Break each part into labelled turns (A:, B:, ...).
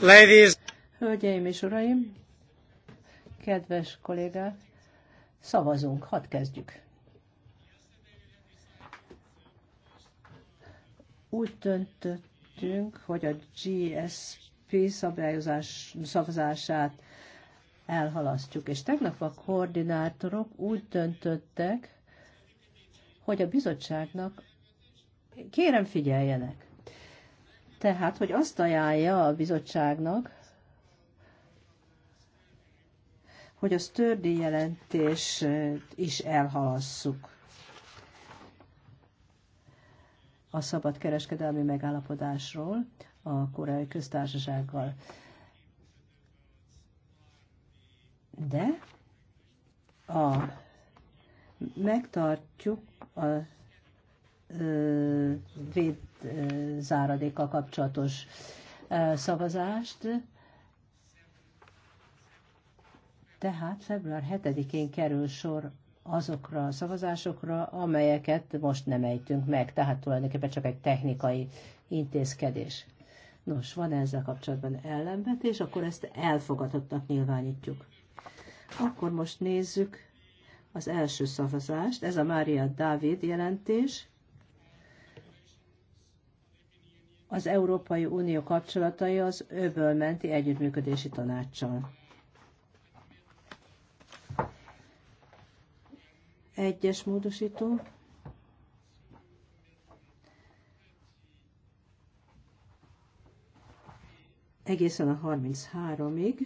A: Ladies.
B: Hölgyeim és uraim, kedves kollégák, szavazunk, hadd kezdjük. Úgy döntöttünk, hogy a GSP szabályozás szavazását elhalasztjuk. És tegnap a koordinátorok úgy döntöttek, hogy a bizottságnak kérem figyeljenek. Tehát, hogy azt ajánlja a bizottságnak, hogy a sztördi jelentés is elhalasszuk a szabad kereskedelmi megállapodásról a koreai köztársasággal. de a, megtartjuk a véd záradékkal kapcsolatos ö, szavazást, tehát február 7-én kerül sor azokra a szavazásokra, amelyeket most nem ejtünk meg, tehát tulajdonképpen csak egy technikai intézkedés. Nos, van -e ezzel kapcsolatban ellenvetés, akkor ezt elfogadottnak nyilvánítjuk. Akkor most nézzük az első szavazást. Ez a Mária Dávid jelentés. Az Európai Unió kapcsolatai az menti együttműködési tanácssal. Egyes módosító. Egészen a 33-ig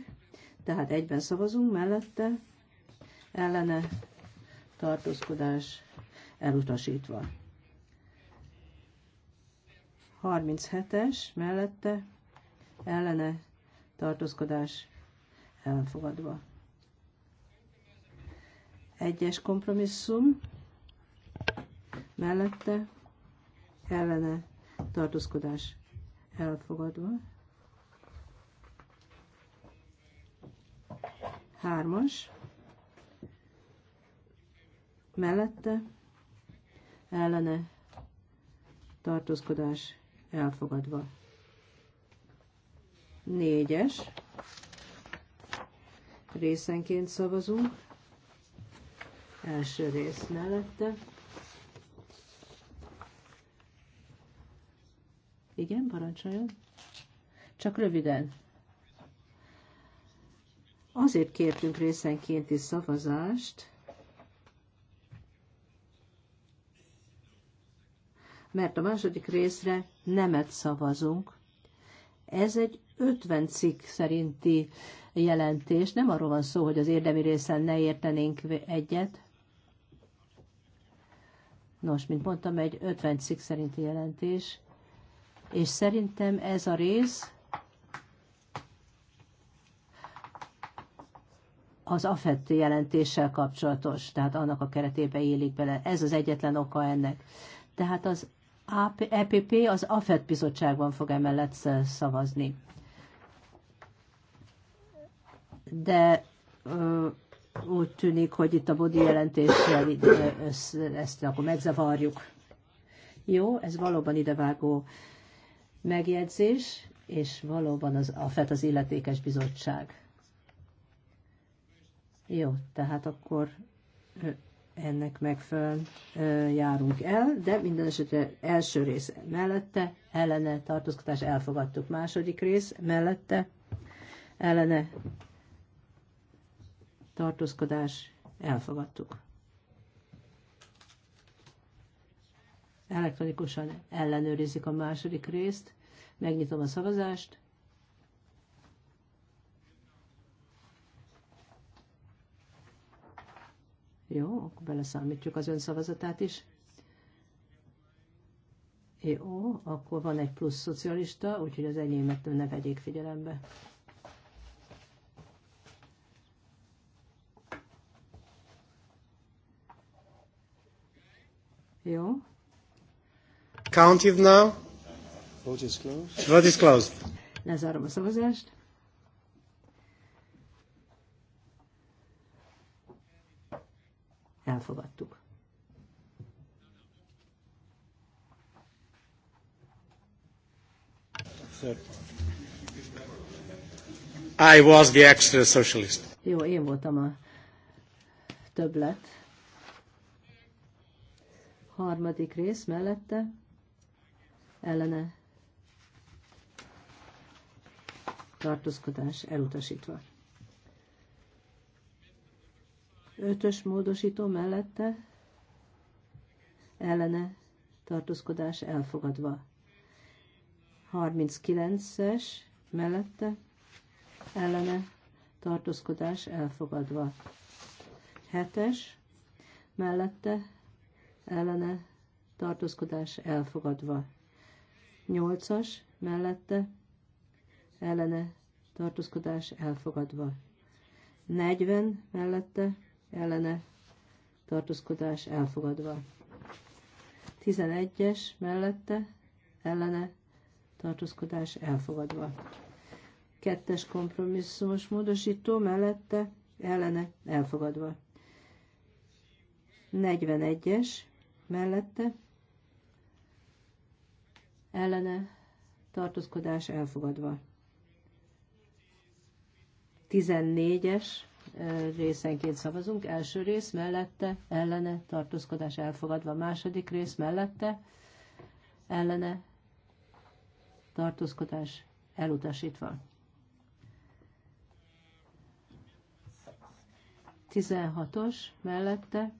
B: tehát egyben szavazunk mellette, ellene tartózkodás elutasítva. 37-es mellette ellene tartózkodás elfogadva. Egyes kompromisszum mellette ellene tartózkodás elfogadva. Hármas. Mellette ellene tartózkodás elfogadva. Négyes. Részenként szavazunk. Első rész mellette. Igen, parancsoljon. Csak röviden. Azért kértünk részenkénti szavazást, mert a második részre nemet szavazunk. Ez egy 50 cikk szerinti jelentés. Nem arról van szó, hogy az érdemi részen ne értenénk egyet. Nos, mint mondtam, egy 50 cikk szerinti jelentés, és szerintem ez a rész az affett jelentéssel kapcsolatos, tehát annak a keretébe élik bele. Ez az egyetlen oka ennek. Tehát az EPP e az AFET bizottságban fog emellett szavazni. De ö, úgy tűnik, hogy itt a bodi jelentéssel ezt, ezt akkor megzavarjuk. Jó, ez valóban idevágó megjegyzés, és valóban az AFET az illetékes bizottság. Jó, tehát akkor ennek megfelelően járunk el, de minden esetre első rész mellette, ellene tartózkodás elfogadtuk. Második rész mellette, ellene tartózkodás elfogadtuk. Elektronikusan ellenőrizik a második részt, megnyitom a szavazást, Jó, akkor beleszámítjuk az önszavazatát is. Jó, akkor van egy plusz szocialista, úgyhogy az enyémet ne vegyék figyelembe.
A: Jó. Count it now. Vote is closed. Vote is closed. Lezárom a szavazást.
B: elfogadtuk.
A: I was the extra socialist.
B: Jó, én voltam a többlet. Harmadik rész mellette ellene tartózkodás elutasítva. Ötös módosító mellette ellene tartózkodás elfogadva. 39-es mellette ellene tartózkodás elfogadva. 7-es mellette ellene tartózkodás elfogadva. 8-as mellette ellene tartózkodás elfogadva. 40 mellette ellene tartózkodás elfogadva. 11-es mellette ellene tartózkodás elfogadva. Kettes kompromisszumos módosító mellette ellene elfogadva. 41-es mellette ellene tartózkodás elfogadva. 14-es részenként szavazunk. Első rész mellette, ellene, tartózkodás elfogadva. Második rész mellette, ellene, tartózkodás elutasítva. 16-os mellette,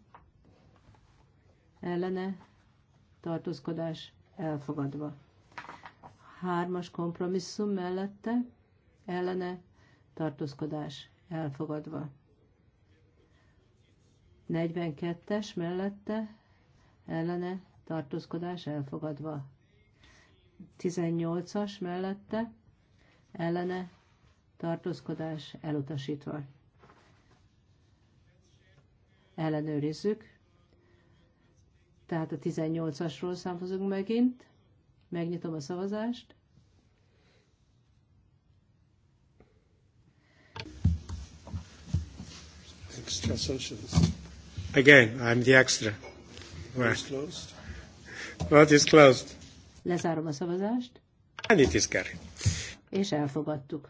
B: ellene, tartózkodás elfogadva. Hármas kompromisszum mellette, ellene, tartózkodás elfogadva. 42-es mellette ellene tartózkodás elfogadva. 18-as mellette ellene tartózkodás elutasítva. Ellenőrizzük. Tehát a 18-asról számozunk megint. Megnyitom a szavazást.
A: extra socialist. Again, I'm the extra. Vote is closed. Vote is closed.
B: Lezárom a szavazást.
A: And it is carried.
B: És elfogadtuk.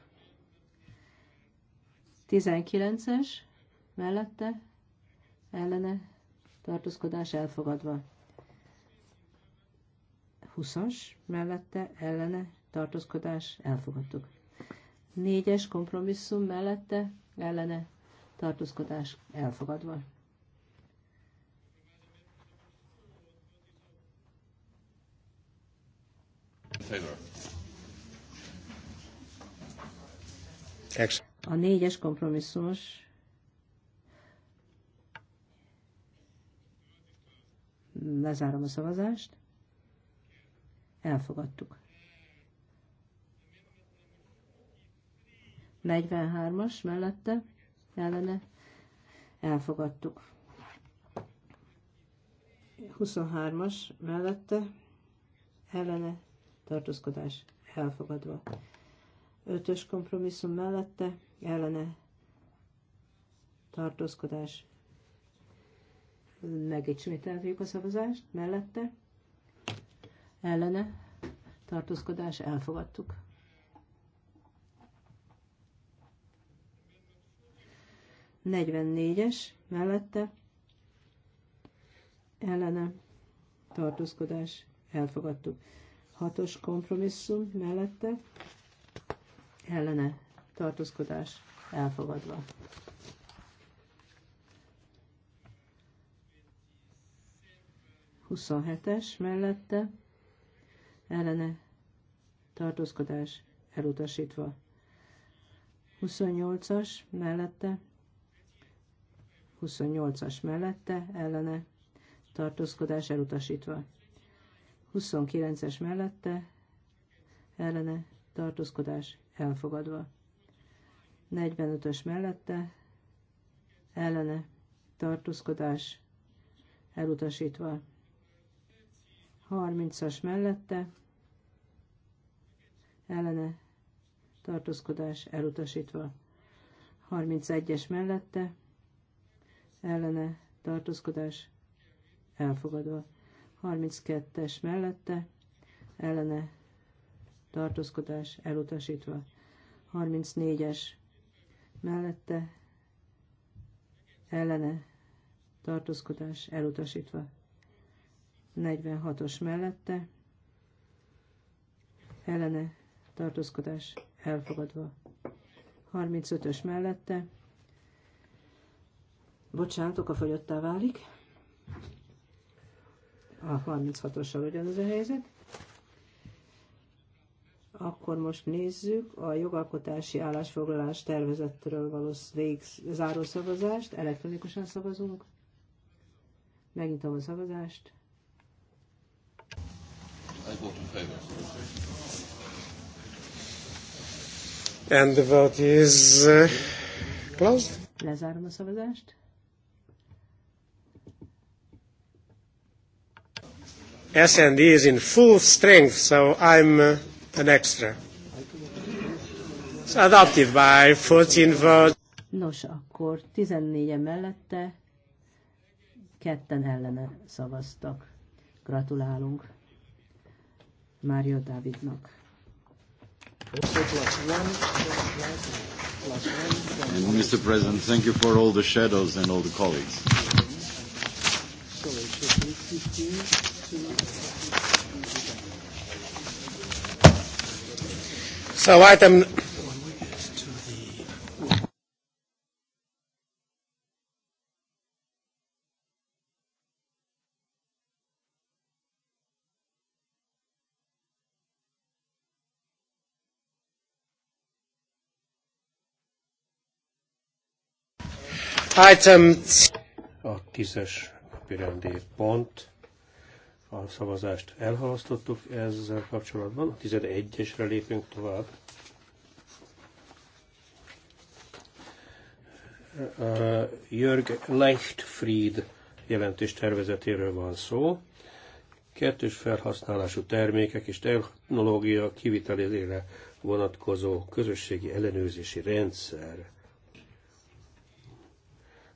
B: 19-es mellette ellene tartózkodás elfogadva. 20-as mellette ellene tartózkodás elfogadtuk. 4-es kompromisszum mellette ellene tartózkodás elfogadva. A négyes kompromisszumos lezárom a szavazást. Elfogadtuk. 43-as mellette ellene elfogadtuk. 23-as mellette ellene tartózkodás elfogadva. 5-ös kompromisszum mellette ellene tartózkodás megismételjük a szavazást mellette ellene tartózkodás elfogadtuk. 44-es mellette ellene tartózkodás elfogadtuk. 6-os kompromisszum mellette ellene tartózkodás elfogadva. 27-es mellette ellene tartózkodás elutasítva. 28-as mellette 28-as mellette ellene tartózkodás elutasítva. 29-es mellette ellene tartózkodás elfogadva. 45-ös mellette ellene tartózkodás elutasítva. 30-as mellette ellene tartózkodás elutasítva. 31-es mellette ellene tartózkodás elfogadva. 32-es mellette ellene tartózkodás elutasítva. 34-es mellette ellene tartózkodás elutasítva. 46-os mellette ellene tartózkodás elfogadva. 35-ös mellette Bocsánat, okafogyottá válik. A 36-ossal ugyanaz a helyzet. Akkor most nézzük a jogalkotási állásfoglalás tervezetről való záró szavazást. Elektronikusan szavazunk. Megnyitom a szavazást.
A: And the vote is uh, closed. Lezárom a szavazást. S&D e is in full strength, so I'm uh, an extra. It's adopted by 14 votes.
B: Nos, akkor 14 mellette, ketten ellene szavaztak. Gratulálunk Mário Dávidnak.
A: Mr. President, thank you for all the shadows and all the colleagues. So item Item.
C: A tízes pirendi pont a szavazást elhalasztottuk ezzel kapcsolatban. A 11-esre lépünk tovább. Jörg Leichtfried jelentés tervezetéről van szó. Kettős felhasználású termékek és technológia kivitelére vonatkozó közösségi ellenőrzési rendszer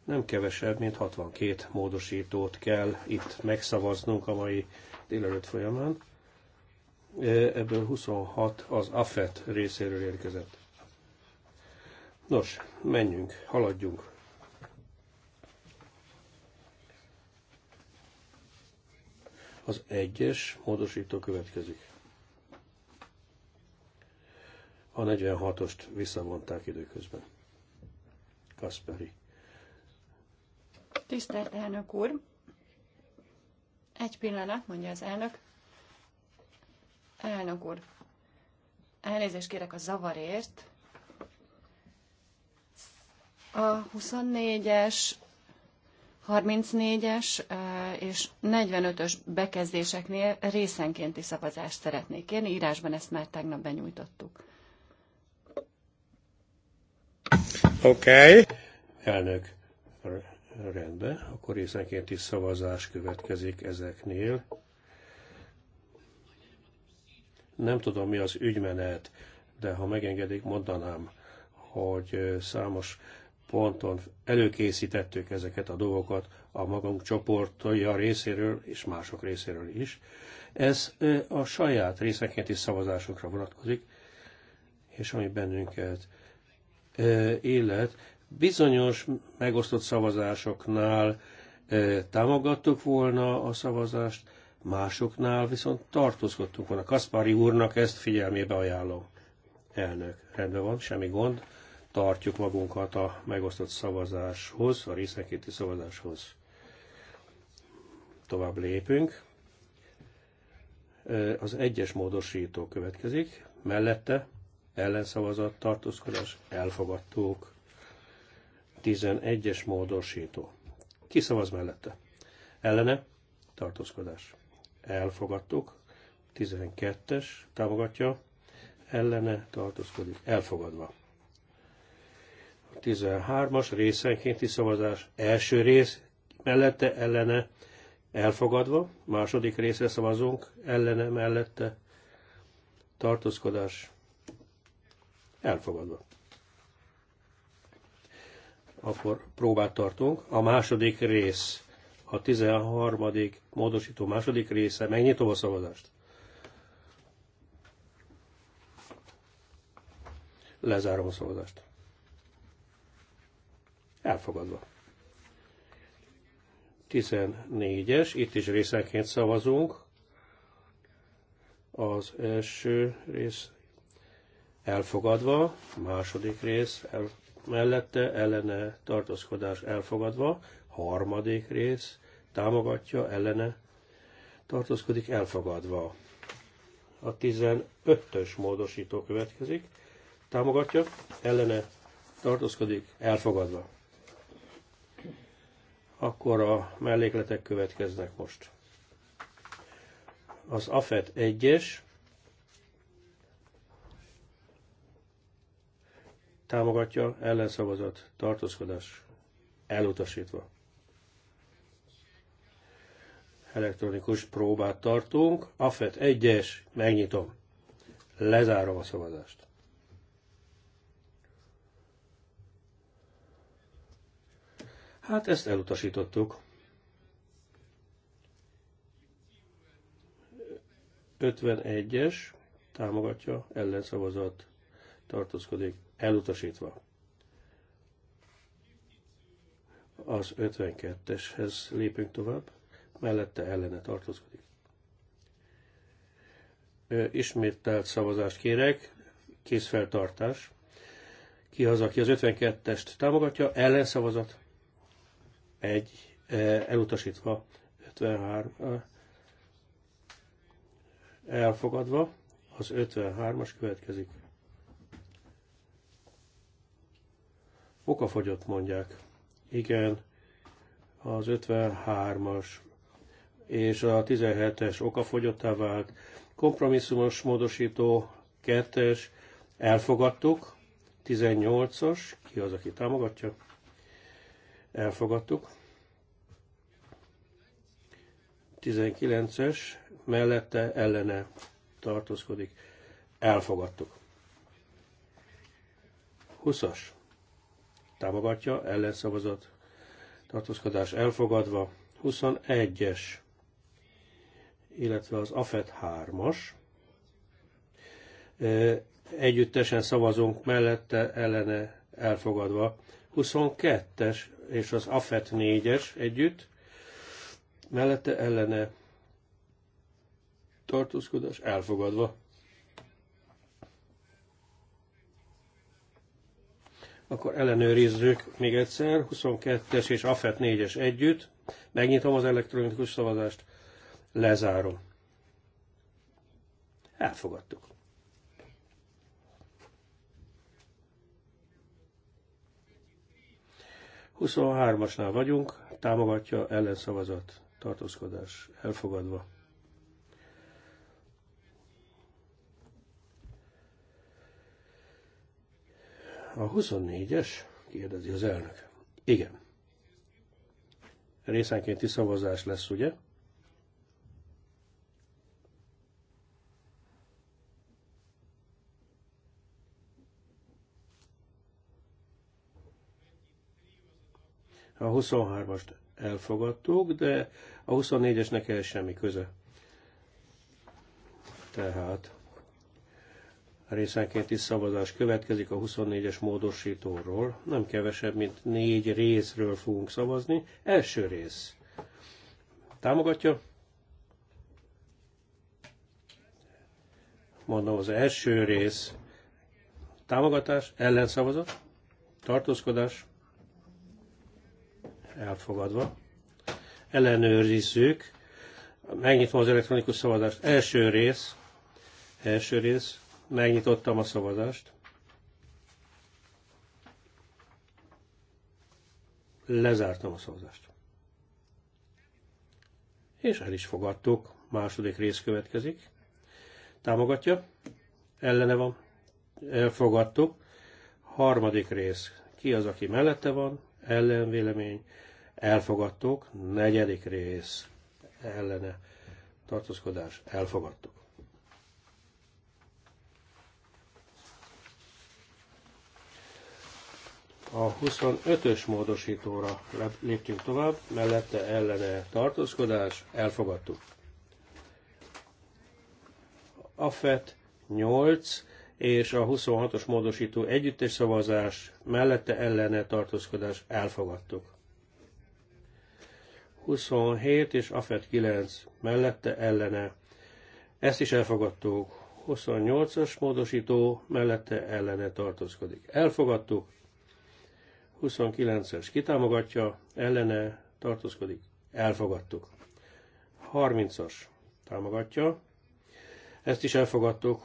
C: nem kevesebb, mint 62 módosítót kell itt megszavaznunk a mai délelőtt folyamán. E, ebből 26 az AFET részéről érkezett. Nos, menjünk, haladjunk. Az egyes módosító következik. A 46-ost visszavonták időközben. Kasperi.
D: Tisztelt elnök úr! Egy pillanat, mondja az elnök. Elnök úr, elnézést kérek a zavarért. A 24-es, 34-es és 45-ös bekezdéseknél részenkénti szavazást szeretnék kérni. Írásban ezt már tegnap benyújtottuk.
A: Oké. Okay.
C: Elnök, Rendben, akkor is szavazás következik ezeknél. Nem tudom, mi az ügymenet, de ha megengedik, mondanám, hogy számos ponton előkészítettük ezeket a dolgokat a magunk csoportja részéről és mások részéről is. Ez a saját részenkénti szavazásokra vonatkozik, és ami bennünket élet, Bizonyos megosztott szavazásoknál e, támogattuk volna a szavazást, másoknál viszont tartózkodtunk volna. Kaspari úrnak ezt figyelmébe ajánlom. Elnök, rendben van, semmi gond, tartjuk magunkat a megosztott szavazáshoz, a részenkéti szavazáshoz. Tovább lépünk. E, az egyes módosító következik, mellette ellenszavazat, tartózkodás, elfogadtuk. 11-es módosító. Ki szavaz mellette? Ellene? Tartózkodás. Elfogadtuk. 12-es támogatja. Ellene tartózkodik. Elfogadva. 13-as részenkénti szavazás. Első rész mellette ellene elfogadva. Második részre szavazunk. Ellene mellette tartózkodás. Elfogadva akkor próbát tartunk. A második rész, a 13. módosító második része, megnyitom a szavazást. Lezárom a szavazást. Elfogadva. 14-es, itt is részenként szavazunk. Az első rész elfogadva, második rész elfogadva mellette ellene tartózkodás elfogadva, harmadik rész támogatja ellene tartózkodik elfogadva. A 15-ös módosító következik, támogatja ellene tartózkodik elfogadva. Akkor a mellékletek következnek most. Az AFET 1-es támogatja, ellenszavazat, tartózkodás, elutasítva. Elektronikus próbát tartunk, AFET 1-es, megnyitom, lezárom a szavazást. Hát ezt elutasítottuk. 51-es támogatja, ellenszavazat, tartózkodik, elutasítva. Az 52-eshez lépünk tovább, mellette ellene tartózkodik. Ismételt szavazást kérek, készfeltartás. Ki az, aki az 52-est támogatja, ellenszavazat. Egy, elutasítva, 53 elfogadva, az 53-as következik Okafogyott mondják. Igen, az 53-as és a 17-es okafogyottá vált. Kompromisszumos módosító 2-es elfogadtuk, 18-as, ki az, aki támogatja? Elfogadtuk. 19-es, mellette ellene tartózkodik. Elfogadtuk. 20-as támogatja, ellenszavazat, tartózkodás elfogadva, 21-es, illetve az AFET 3-as. Együttesen szavazunk mellette, ellene elfogadva, 22-es és az AFET 4-es együtt, mellette ellene tartózkodás elfogadva. Akkor ellenőrizzük még egyszer, 22-es és AFET 4-es együtt. Megnyitom az elektronikus szavazást, lezárom. Elfogadtuk. Huszonhármasnál vagyunk, támogatja ellenszavazat, tartózkodás elfogadva. A 24-es? kérdezi az elnök. Igen. Részenkénti szavazás lesz, ugye? A 23-ast elfogadtuk, de a 24-esnek el semmi köze. Tehát részenkénti szavazás következik a 24-es módosítóról. Nem kevesebb, mint négy részről fogunk szavazni. Első rész. Támogatja? Mondom, az első rész. Támogatás, ellenszavazat, tartózkodás, elfogadva. Ellenőrizzük. Megnyitom az elektronikus szavazást. Első rész. Első rész Megnyitottam a szavazást. Lezártam a szavazást. És el is fogadtuk. Második rész következik. Támogatja. Ellene van. Elfogadtuk. Harmadik rész. Ki az, aki mellette van? Ellenvélemény. Elfogadtuk. Negyedik rész. Ellene tartózkodás, elfogadtuk. A 25-ös módosítóra léptünk tovább, mellette ellene tartózkodás, elfogadtuk. A FET 8 és a 26-os módosító együttes szavazás, mellette ellene tartózkodás, elfogadtuk. 27 és AFET 9 mellette ellene. Ezt is elfogadtuk. 28-as módosító mellette ellene tartózkodik. Elfogadtuk. 29-es kitámogatja, ellene tartózkodik, elfogadtuk. 30-as támogatja, ezt is elfogadtuk,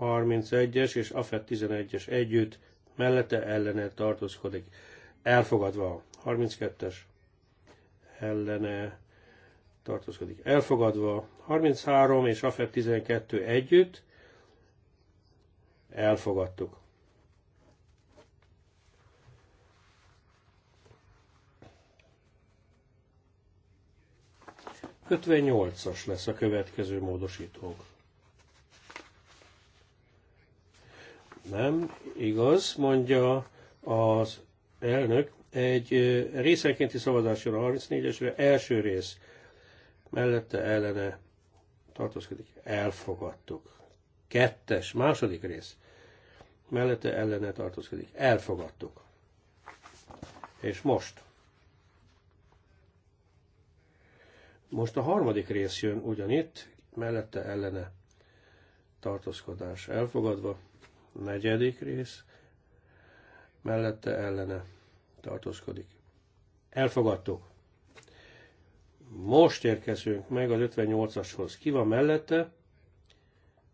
C: 31-es és AFET 11-es együtt, mellette ellene tartózkodik, elfogadva. 32-es ellene tartózkodik, elfogadva. 33 és AFET 12 együtt, elfogadtuk. 58-as lesz a következő módosítók. Nem, igaz, mondja az elnök. Egy részenkénti szavazásra 34-esre első rész mellette ellene tartózkodik. Elfogadtuk. Kettes, második rész mellette ellene tartózkodik. Elfogadtuk. És most Most a harmadik rész jön ugyanitt, mellette ellene tartózkodás elfogadva. Negyedik rész, mellette ellene tartózkodik. Elfogadtuk. Most érkezünk meg az 58-ashoz. Ki van mellette?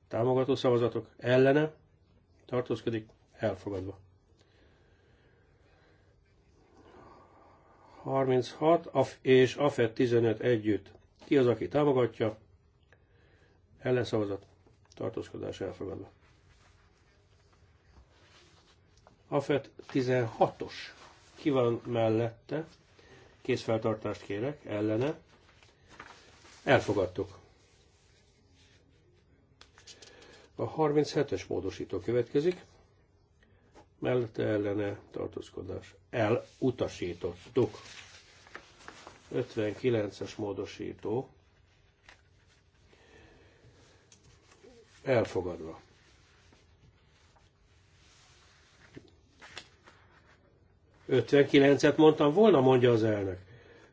C: Támogató szavazatok ellene tartózkodik, elfogadva. 36 és AFET 15 együtt. Ki az, aki támogatja? Ellenszavazat. Tartózkodás elfogadva. AFET 16-os. Ki van mellette? Készfeltartást kérek, ellene. Elfogadtuk. A 37-es módosító következik mellette ellene tartózkodás elutasítottuk. 59-es módosító elfogadva. Ötvenkilencet mondtam volna, mondja az elnök.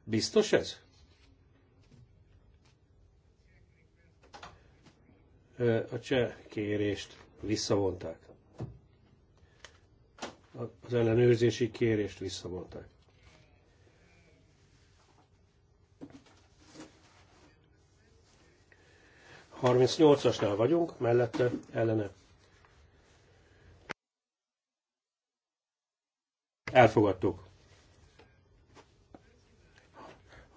C: Biztos ez? A cseh kérést visszavonták az ellenőrzési kérést visszavonták. nyolcasnál vagyunk, mellette ellene. Elfogadtuk.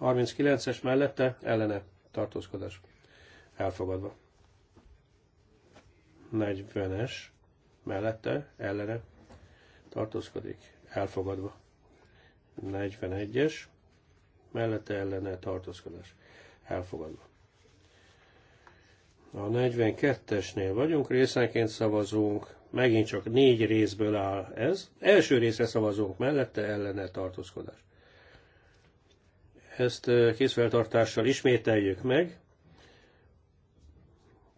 C: 39-es mellette ellene tartózkodás. Elfogadva. 40-es mellette ellene tartózkodik, elfogadva. 41-es, mellette ellene tartózkodás, elfogadva. A 42-esnél vagyunk, részenként szavazunk, megint csak négy részből áll ez. Első részre szavazunk, mellette ellene tartózkodás. Ezt készfeltartással ismételjük meg.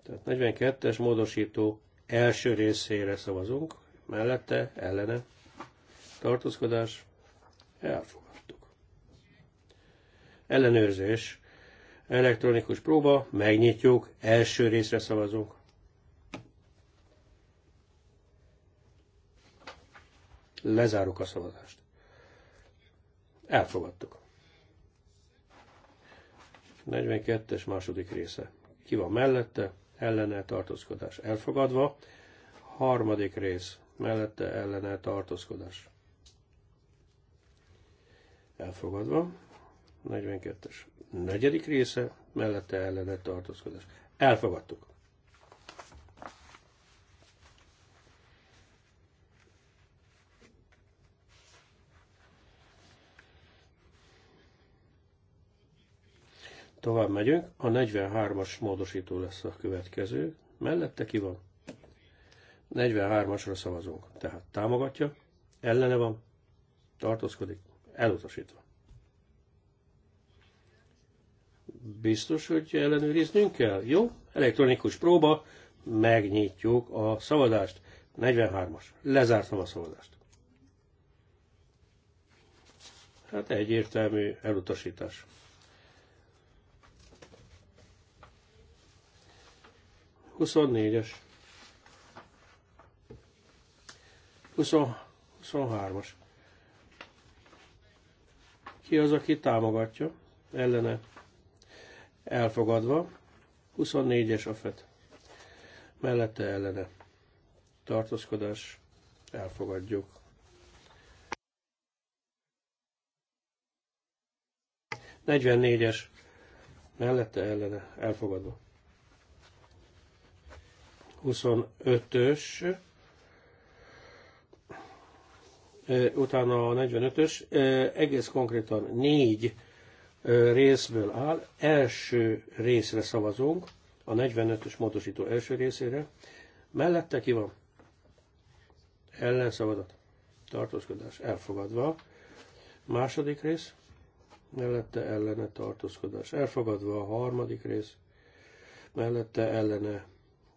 C: Tehát 42-es módosító első részére szavazunk, mellette, ellene, tartózkodás, elfogadtuk. Ellenőrzés, elektronikus próba, megnyitjuk, első részre szavazunk. Lezáruk a szavazást. Elfogadtuk. 42-es második része. Ki van mellette? Ellene tartózkodás elfogadva. Harmadik rész mellette ellene tartózkodás. Elfogadva. 42-es. Negyedik része, mellette ellene tartózkodás. Elfogadtuk. Tovább megyünk, a 43-as módosító lesz a következő. Mellette ki van? 43-asra szavazunk. Tehát támogatja, ellene van, tartózkodik, elutasítva. Biztos, hogy ellenőriznünk kell? Jó, elektronikus próba, megnyitjuk a szavazást. 43-as. Lezártam a szavazást. Hát egyértelmű elutasítás. Huszonnégyes. 23-as. Ki az, aki támogatja? Ellene. Elfogadva. 24-es a FET. Mellette ellene. Tartózkodás. Elfogadjuk. Negyvennégyes. Mellette ellene. Elfogadva. 25-ös utána a 45-ös, egész konkrétan négy részből áll. Első részre szavazunk, a 45-ös módosító első részére. Mellette ki van? Ellenszavazat. Tartózkodás elfogadva. Második rész. Mellette ellene tartózkodás elfogadva. A harmadik rész. Mellette ellene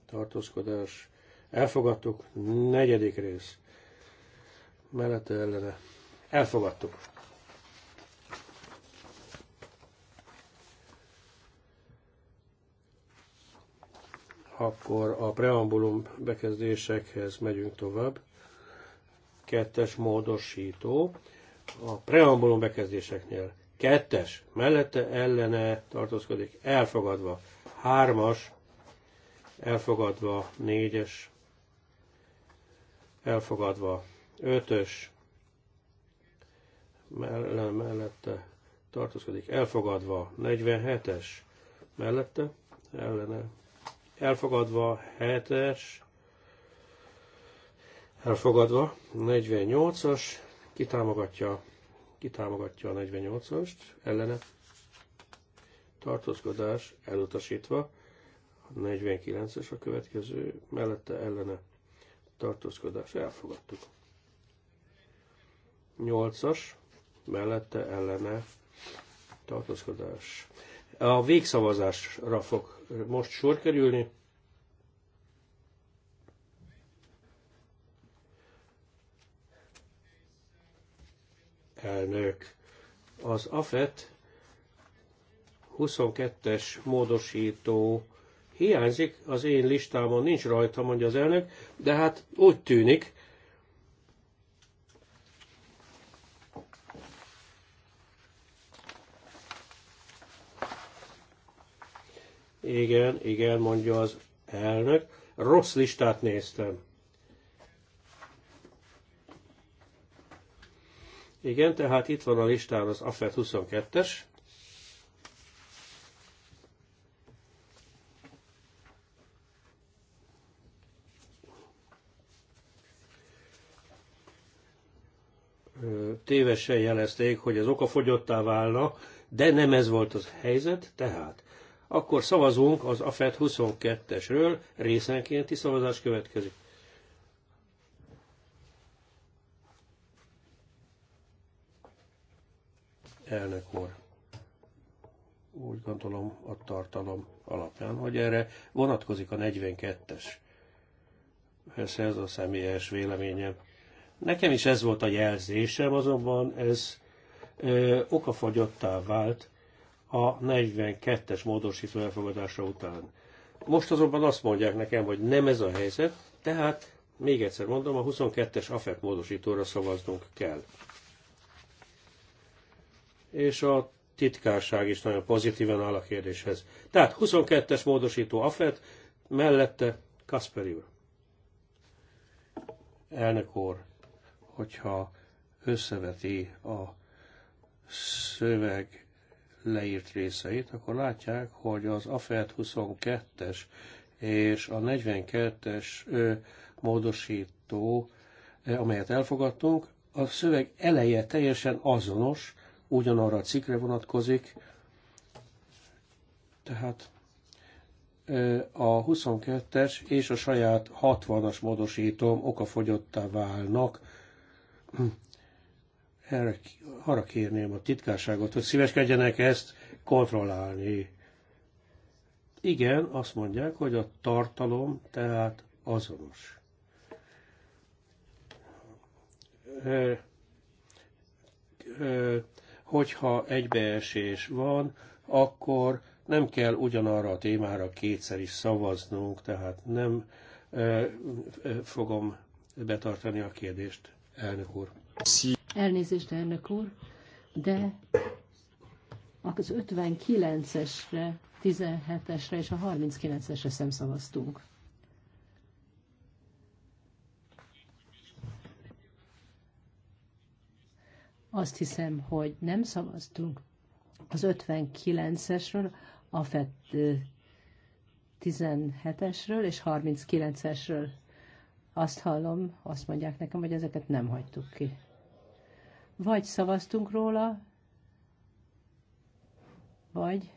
C: tartózkodás elfogadtuk. Negyedik rész mellette ellene elfogadtuk. Akkor a preambulum bekezdésekhez megyünk tovább. Kettes módosító. A preambulum bekezdéseknél kettes, mellette ellene tartózkodik, elfogadva. Hármas, elfogadva. Négyes, elfogadva. Ötös mellette tartózkodik. Elfogadva 47-es mellette ellene. Elfogadva 7-es. Elfogadva 48-as. Kitámogatja, kitámogatja a 48-ast ellene. Tartózkodás elutasítva. 49-es a következő, mellette ellene tartózkodás elfogadtuk. 8-as, mellette ellene tartózkodás. A végszavazásra fog most sor kerülni. Elnök. Az AFET 22-es módosító hiányzik, az én listámon nincs rajta, mondja az elnök, de hát úgy tűnik, Igen, igen, mondja az elnök. Rossz listát néztem. Igen, tehát itt van a listán az AFET 22-es. Tévesen jelezték, hogy az oka fogyottá válna, de nem ez volt az helyzet, tehát akkor szavazunk az AFET 22-esről, részenkénti szavazás következik. Elnök úr úgy gondolom a tartalom alapján, hogy erre vonatkozik a 42-es. Persze ez a személyes véleményem. Nekem is ez volt a jelzésem, azonban ez ö, okafagyottá vált, a 42-es módosító elfogadása után. Most azonban azt mondják nekem, hogy nem ez a helyzet, tehát még egyszer mondom, a 22-es AFET módosítóra szavaznunk kell. És a titkárság is nagyon pozitívan áll a kérdéshez. Tehát 22-es módosító AFET, mellette Kasperi úr. Elnök úr, hogyha összeveti a szöveg leírt részeit, akkor látják, hogy az AFET 22-es és a 42-es módosító, amelyet elfogadtunk, a szöveg eleje teljesen azonos, ugyanarra a cikre vonatkozik, tehát a 22-es és a saját 60-as módosítóm okafogyottá válnak, erre, arra kérném a titkárságot, hogy szíveskedjenek ezt kontrollálni. Igen, azt mondják, hogy a tartalom tehát azonos. Ö, ö, hogyha egybeesés van, akkor nem kell ugyanarra a témára kétszer is szavaznunk, tehát nem ö, fogom betartani a kérdést, elnök úr.
B: Elnézést, elnök úr, de az 59-esre, 17-esre és a 39-esre szemszavaztunk. Azt hiszem, hogy nem szavaztunk az 59-esről, a 17-esről és 39-esről. Azt hallom, azt mondják nekem, hogy ezeket nem
A: hagytuk ki.
B: Vagy szavaztunk róla,
A: vagy...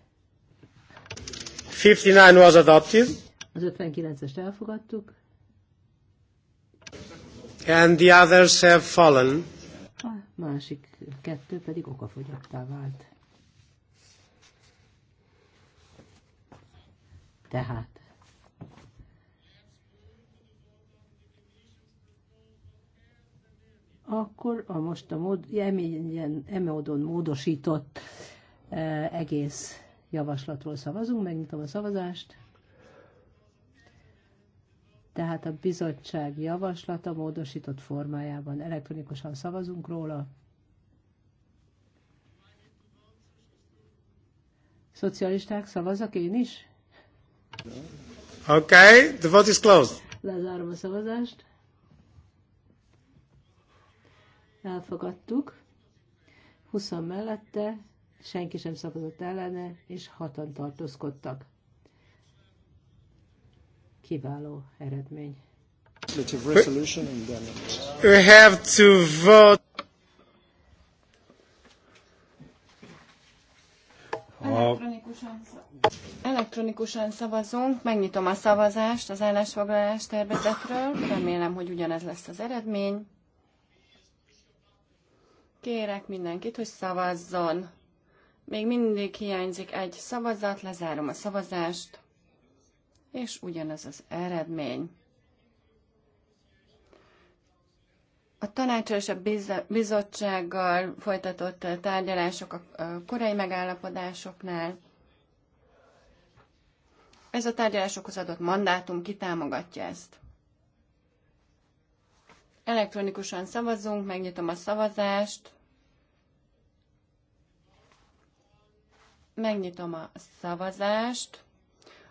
A: 59 was adopted. Az 59-est elfogadtuk. And the others have fallen. A
B: másik kettő pedig okafogyottá vált. Tehát akkor a most a mód, eményen, emódon módosított e, egész javaslatról szavazunk. Megnyitom a szavazást. Tehát a bizottság javaslata módosított formájában elektronikusan szavazunk róla. Szocialisták, szavazak én is?
A: Okay, the vote is closed.
B: Lezárom a szavazást. elfogadtuk, 20 mellette, senki sem szavazott ellene, és hatan tartózkodtak.
A: Kiváló eredmény. We have to vote.
D: Elektronikusan, elektronikusan szavazunk, megnyitom a szavazást az állásfoglalás tervezetről, remélem, hogy ugyanez lesz az eredmény. Kérek mindenkit, hogy szavazzon. Még mindig hiányzik egy szavazat, lezárom a szavazást, és ugyanaz az eredmény. A tanácsal és a bizottsággal folytatott tárgyalások a korai megállapodásoknál. Ez a tárgyalásokhoz adott mandátum kitámogatja ezt. Elektronikusan szavazunk, megnyitom a szavazást. Megnyitom a szavazást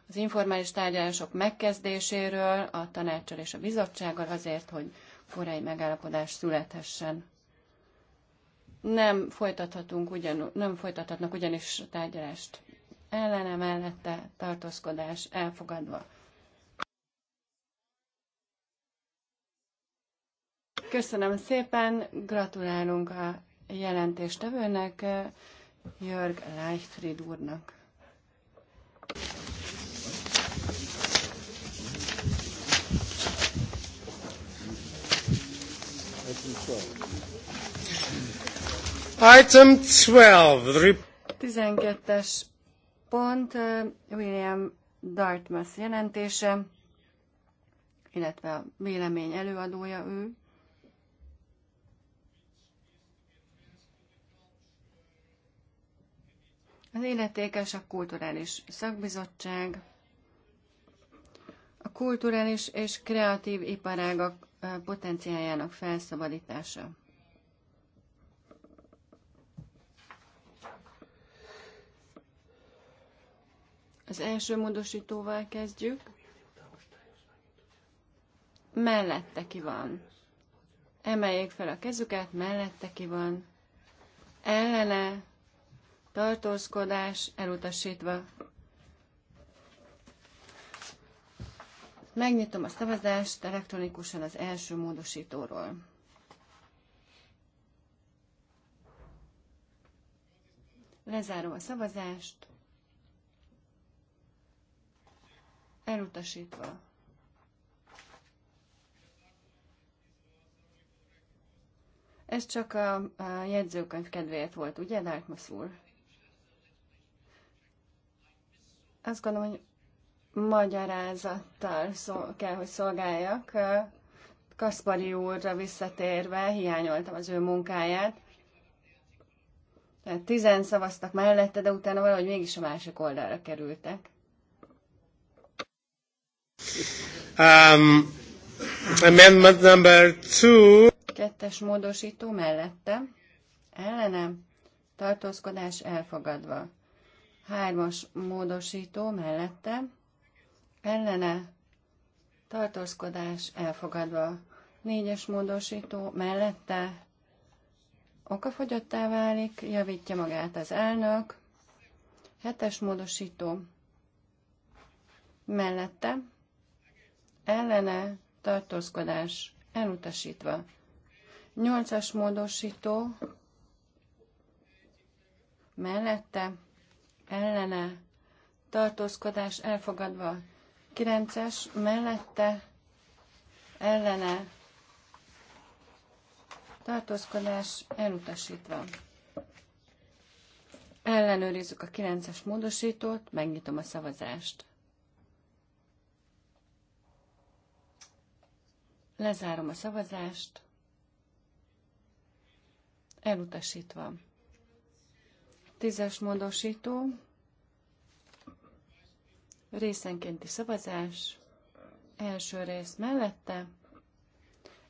D: az informális tárgyalások megkezdéséről a tanácssal és a bizottsággal azért, hogy korai megállapodás születhessen. Nem folytathatunk ugyan, nem folytathatnak ugyanis a tárgyalást ellene mellette tartózkodás elfogadva. Köszönöm szépen, gratulálunk a jelentéstevőnek. Jörg Leichtfried úrnak.
A: Item 12.
D: 12-es pont William Dartmouth jelentése, illetve a vélemény előadója ő. Az illetékes a kulturális szakbizottság, a kulturális és kreatív iparágak potenciáljának felszabadítása. Az első módosítóval kezdjük. Mellette ki van. Emeljék fel a kezüket, mellette ki van. Ellene tartózkodás elutasítva. Megnyitom a szavazást elektronikusan az első módosítóról. Lezárom a szavazást. Elutasítva. Ez csak a, a jegyzőkönyv kedvéért volt, ugye, Dartmouth úr? Azt gondolom, hogy magyarázattal szol- kell, hogy szolgáljak. Kaspari úrra visszatérve hiányoltam az ő munkáját. Tehát tizen szavaztak mellette, de utána valahogy mégis a másik oldalra kerültek.
A: Um, amendment number two.
D: Kettes módosító mellette. Ellenem. Tartózkodás elfogadva. Hármas módosító mellette ellene tartózkodás elfogadva. Négyes módosító mellette okafogyottá válik, javítja magát az elnök. Hetes módosító mellette ellene tartózkodás elutasítva. Nyolcas módosító mellette ellene tartózkodás elfogadva. 9-es mellette ellene tartózkodás elutasítva. Ellenőrizzük a 9-es módosítót, megnyitom a szavazást. Lezárom a szavazást. Elutasítva. Tízes módosító, részenkénti szavazás, első rész mellette,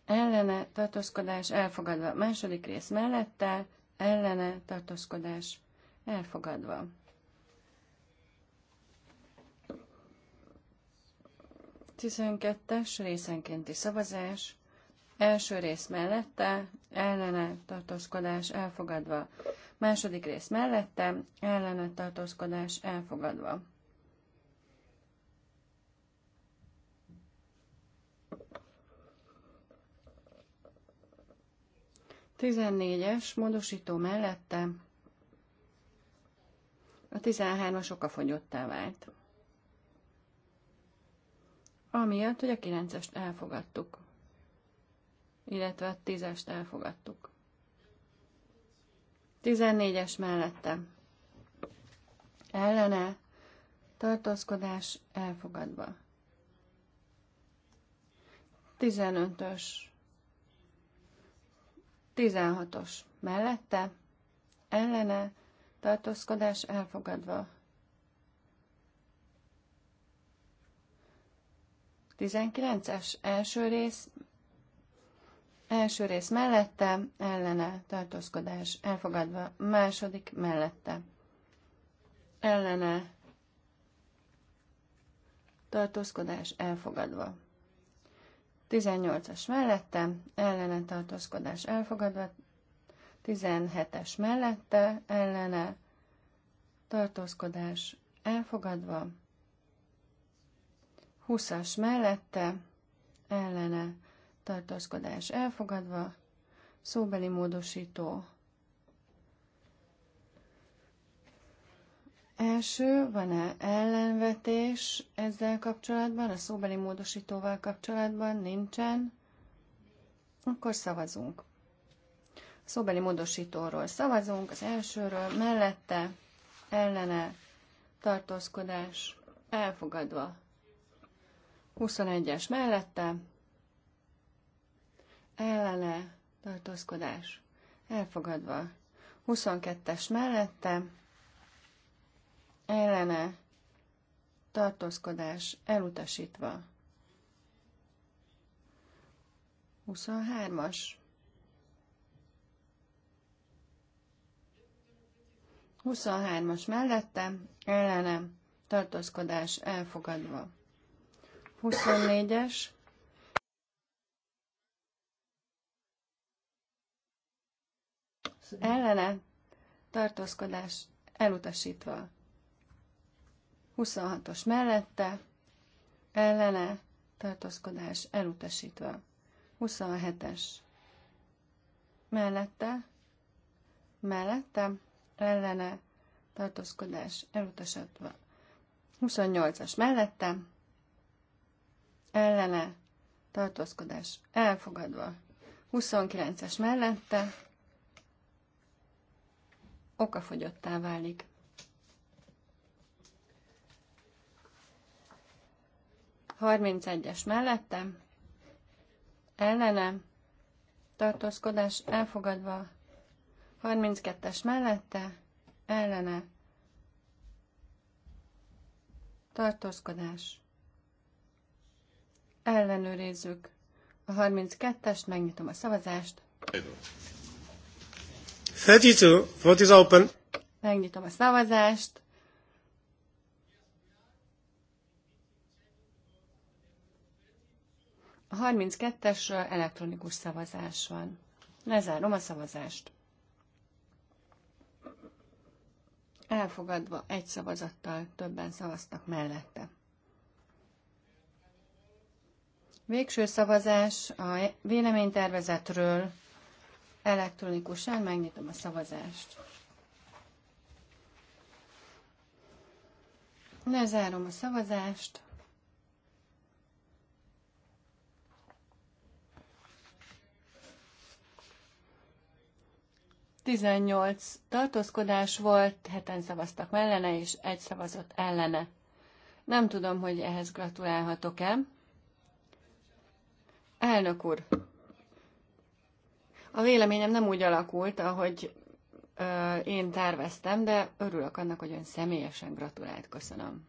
D: ellene tartózkodás elfogadva, második rész mellette, ellene tartózkodás elfogadva. Tizenkettes részenkénti szavazás, első rész mellette, ellene tartózkodás elfogadva, Második rész mellette ellene tartózkodás elfogadva. Tizennégyes módosító mellette a 13-as okafogyottá vált. Amiatt, hogy a 9-est elfogadtuk, illetve a 10-est elfogadtuk. 14-es mellette ellene tartózkodás elfogadva. 15-ös, 16-os mellette ellene tartózkodás elfogadva. 19-es első rész Első rész mellette, ellene tartózkodás elfogadva. Második mellette, ellene tartózkodás elfogadva. 18-as mellette, ellene tartózkodás elfogadva. 17-es mellette, ellene tartózkodás elfogadva. 20-as mellette, ellene tartózkodás elfogadva, szóbeli módosító. Első, van-e ellenvetés ezzel kapcsolatban, a szóbeli módosítóval kapcsolatban? Nincsen. Akkor szavazunk. A szóbeli módosítóról szavazunk, az elsőről mellette, ellene, tartózkodás, elfogadva. 21-es mellette, ellene tartózkodás elfogadva. 22-es mellette ellene tartózkodás elutasítva. 23-as. 23-as mellette ellene tartózkodás elfogadva. 24-es ellene tartózkodás elutasítva. 26-os mellette ellene tartózkodás elutasítva. 27-es mellette mellette ellene tartózkodás elutasítva. 28-as mellette ellene tartózkodás elfogadva. 29-es mellette okafogyottá válik. Harminc egyes mellette, ellene, tartózkodás elfogadva. 32-es mellette, ellene, tartózkodás. Ellenőrizzük. A 32-est, megnyitom a szavazást.
A: 32. is open.
D: Megnyitom a szavazást. A 32 es elektronikus szavazás van. Lezárom a szavazást. Elfogadva egy szavazattal többen szavaztak mellette. Végső szavazás a véleménytervezetről Elektronikusan megnyitom a szavazást. Lezárom a szavazást. Tizennyolc tartózkodás volt, heten szavaztak mellene, és egy szavazott ellene. Nem tudom, hogy ehhez gratulálhatok-e. Elnök úr, a véleményem nem úgy alakult, ahogy ö, én terveztem, de örülök annak, hogy ön személyesen gratulált. Köszönöm.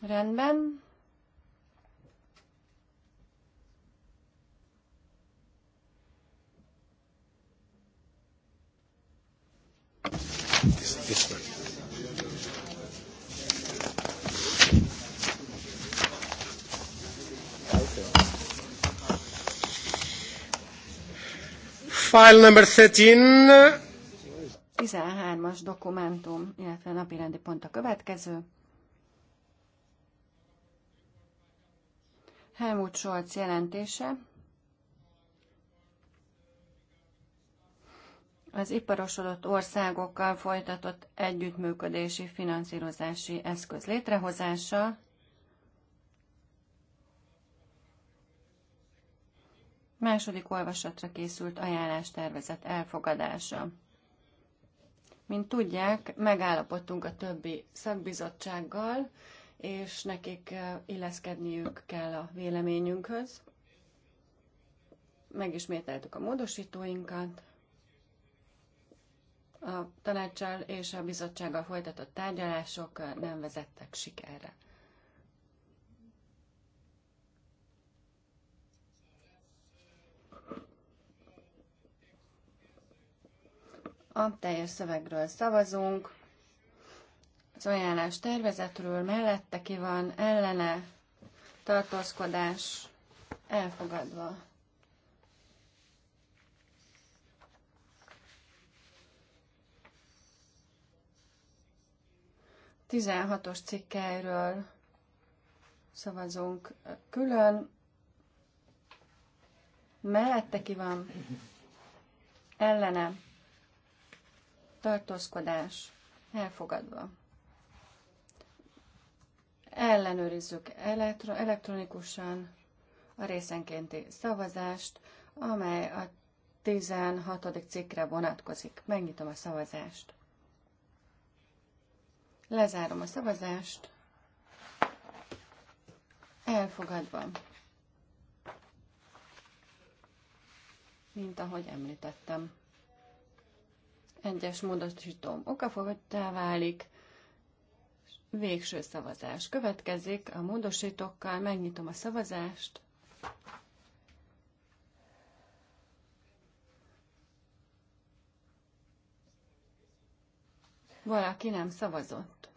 D: Rendben.
A: This, file number 13.
D: 13-as dokumentum, illetve napirendi pont a következő. Helmut Scholz jelentése. Az iparosodott országokkal folytatott együttműködési finanszírozási eszköz létrehozása, második olvasatra készült ajánlástervezet elfogadása. Mint tudják, megállapodtunk a többi szakbizottsággal, és nekik eh, illeszkedniük kell a véleményünkhöz. Megismételtük a módosítóinkat, a tanácssal és a bizottsággal folytatott tárgyalások eh, nem vezettek sikerre. A teljes szövegről szavazunk. Az ajánlás tervezetről mellette ki van, ellene, tartózkodás elfogadva. Tizenhatos cikkelyről szavazunk külön. Mellette ki van? Ellene tartózkodás elfogadva. Ellenőrizzük elektro- elektronikusan a részenkénti szavazást, amely a 16. cikkre vonatkozik. Megnyitom a szavazást. Lezárom a szavazást. Elfogadva. Mint ahogy említettem. Egyes módosítóm okafogadtá válik. Végső szavazás következik. A módosítókkal megnyitom a szavazást. Valaki nem szavazott.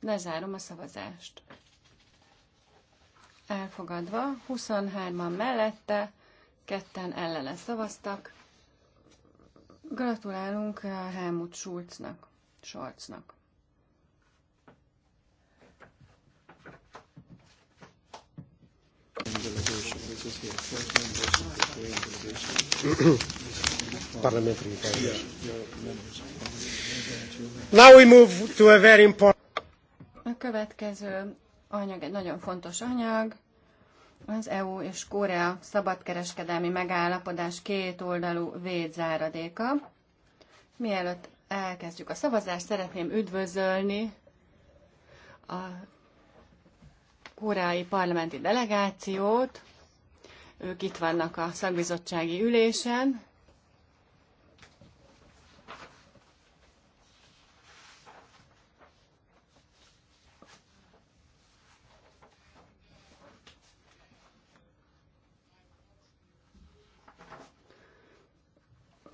D: Lezárom a szavazást. Elfogadva, 23-an mellette, ketten ellene szavaztak, Gratulálunk Helmut Schulznak, Scholznak.
A: Parliamentary Now we move to a very important.
D: A következő anyag egy nagyon fontos anyag. Az EU és Korea szabadkereskedelmi megállapodás kétoldalú védzáradéka. Mielőtt elkezdjük a szavazást, szeretném üdvözölni a koreai parlamenti delegációt. Ők itt vannak a szakbizottsági ülésen.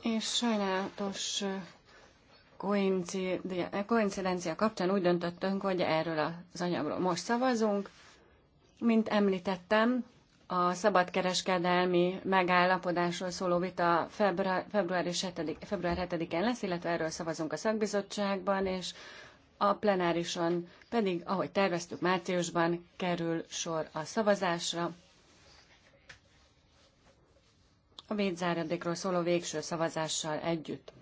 D: és sajnálatos koincidencia kapcsán úgy döntöttünk, hogy erről az anyagról most szavazunk. Mint említettem, a szabadkereskedelmi megállapodásról szóló vita február, február 7 február én lesz, illetve erről szavazunk a szakbizottságban, és a plenárison pedig, ahogy terveztük, márciusban kerül sor a szavazásra a védzáradékról szóló végső szavazással együtt.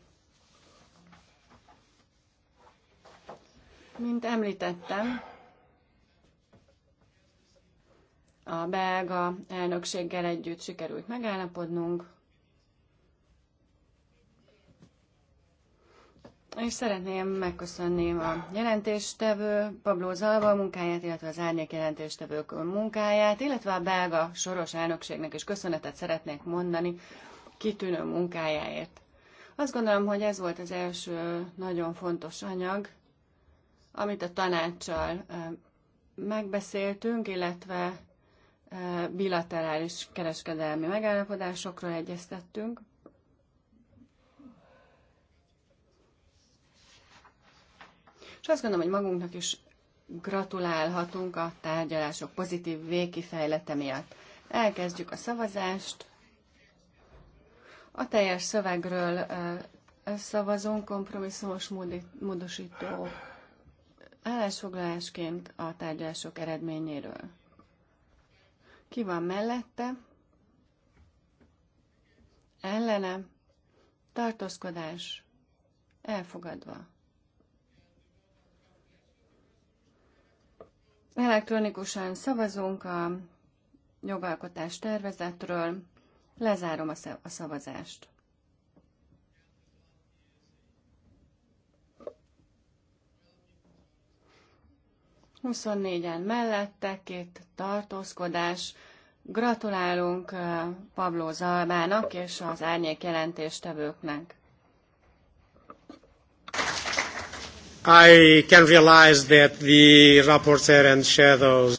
D: Mint említettem, a belga elnökséggel együtt sikerült megállapodnunk, És szeretném megköszönni a jelentéstevő Pablo Zalba munkáját, illetve az árnyék jelentéstevők munkáját, illetve a belga soros elnökségnek is köszönetet szeretnék mondani kitűnő munkájáért. Azt gondolom, hogy ez volt az első nagyon fontos anyag, amit a tanácssal megbeszéltünk, illetve bilaterális kereskedelmi megállapodásokról egyeztettünk. És azt gondolom, hogy magunknak is gratulálhatunk a tárgyalások pozitív végkifejlete miatt. Elkezdjük a szavazást. A teljes szövegről szavazunk kompromisszumos módosító állásfoglalásként a tárgyalások eredményéről. Ki van mellette? Ellene? Tartózkodás? Elfogadva. Elektronikusan szavazunk a jogalkotás tervezetről. Lezárom a szavazást. Huszonnégyen mellette, két tartózkodás. Gratulálunk uh, Pablo Zalbának és az árnyék jelentéstevőknek.
A: I can realize that the rapporteur and shadows.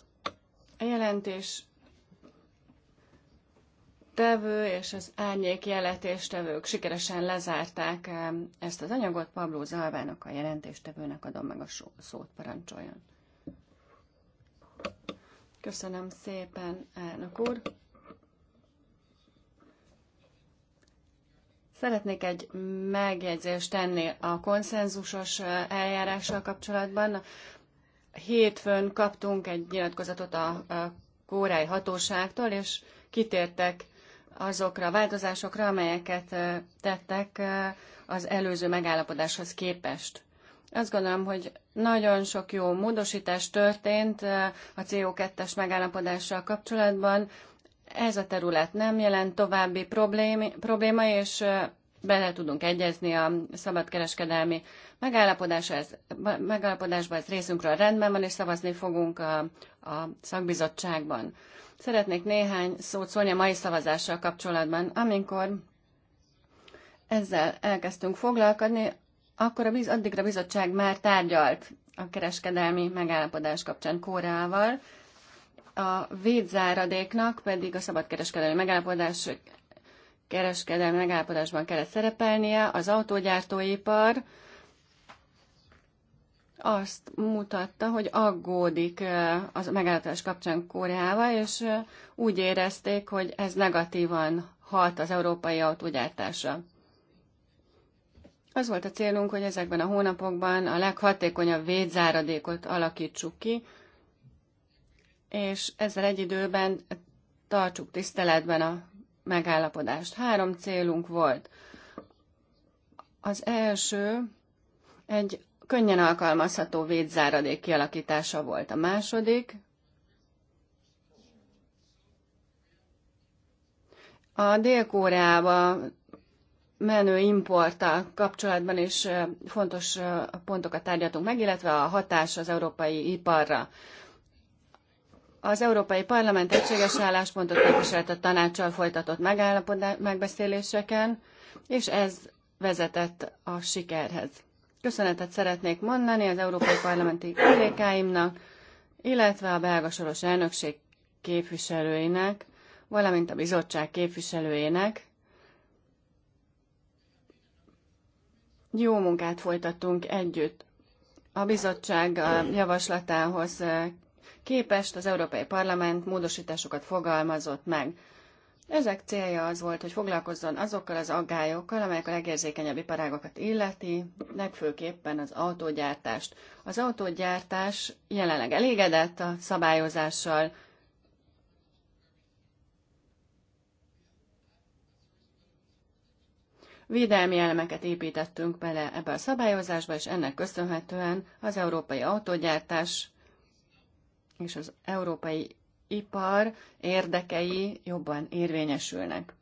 D: A jelentés tevő és az árnyék jelentéstevők sikeresen lezárták um, ezt az anyagot. Pablo Zalvának, a jelentéstevőnek adom meg a szót, parancsoljon. Köszönöm szépen, elnök úr. Szeretnék egy megjegyzést tenni a konszenzusos eh, eljárással kapcsolatban. Hétfőn kaptunk egy nyilatkozatot a kórai hatóságtól, és kitértek azokra a változásokra, amelyeket eh, tettek eh, az előző megállapodáshoz képest. Azt gondolom, hogy nagyon sok jó módosítás történt a CO2-es megállapodással kapcsolatban, ez a terület nem jelent további probléma, és bele tudunk egyezni a szabadkereskedelmi megállapodás, megállapodásba, ez részünkről rendben van, és szavazni fogunk a, a szakbizottságban. Szeretnék néhány szót szólni a mai szavazással kapcsolatban. Amikor ezzel elkezdtünk foglalkozni, akkor a biz, addigra a bizottság már tárgyalt a kereskedelmi megállapodás kapcsán Kóreával, a védzáradéknak pedig a szabadkereskedelmi megállapodás kereskedelmi megállapodásban kellett szerepelnie, az autógyártóipar azt mutatta, hogy aggódik az megállapodás kapcsán Koreával, és úgy érezték, hogy ez negatívan hat az európai autógyártásra. Az volt a célunk, hogy ezekben a hónapokban a leghatékonyabb védzáradékot alakítsuk ki, és ezzel egy időben tartsuk tiszteletben a megállapodást. Három célunk volt. Az első egy könnyen alkalmazható védzáradék kialakítása volt. A második a Dél-Koreába menő importa kapcsolatban is fontos pontokat tárgyaltunk meg, illetve a hatás az európai iparra. Az Európai Parlament egységes álláspontot képviselt a tanácssal folytatott megbeszéléseken, és ez vezetett a sikerhez. Köszönetet szeretnék mondani az Európai Parlamenti kollégáimnak, illetve a belga soros elnökség képviselőinek, valamint a bizottság képviselőjének. Jó munkát folytattunk együtt. A bizottság a javaslatához képest az Európai Parlament módosításokat fogalmazott meg. Ezek célja az volt, hogy foglalkozzon azokkal az aggályokkal, amelyek a legérzékenyebb iparágokat illeti, legfőképpen az autógyártást. Az autógyártás jelenleg elégedett a szabályozással, Védelmi elemeket építettünk bele ebbe a szabályozásba, és ennek köszönhetően az európai autógyártás és az európai ipar érdekei jobban érvényesülnek.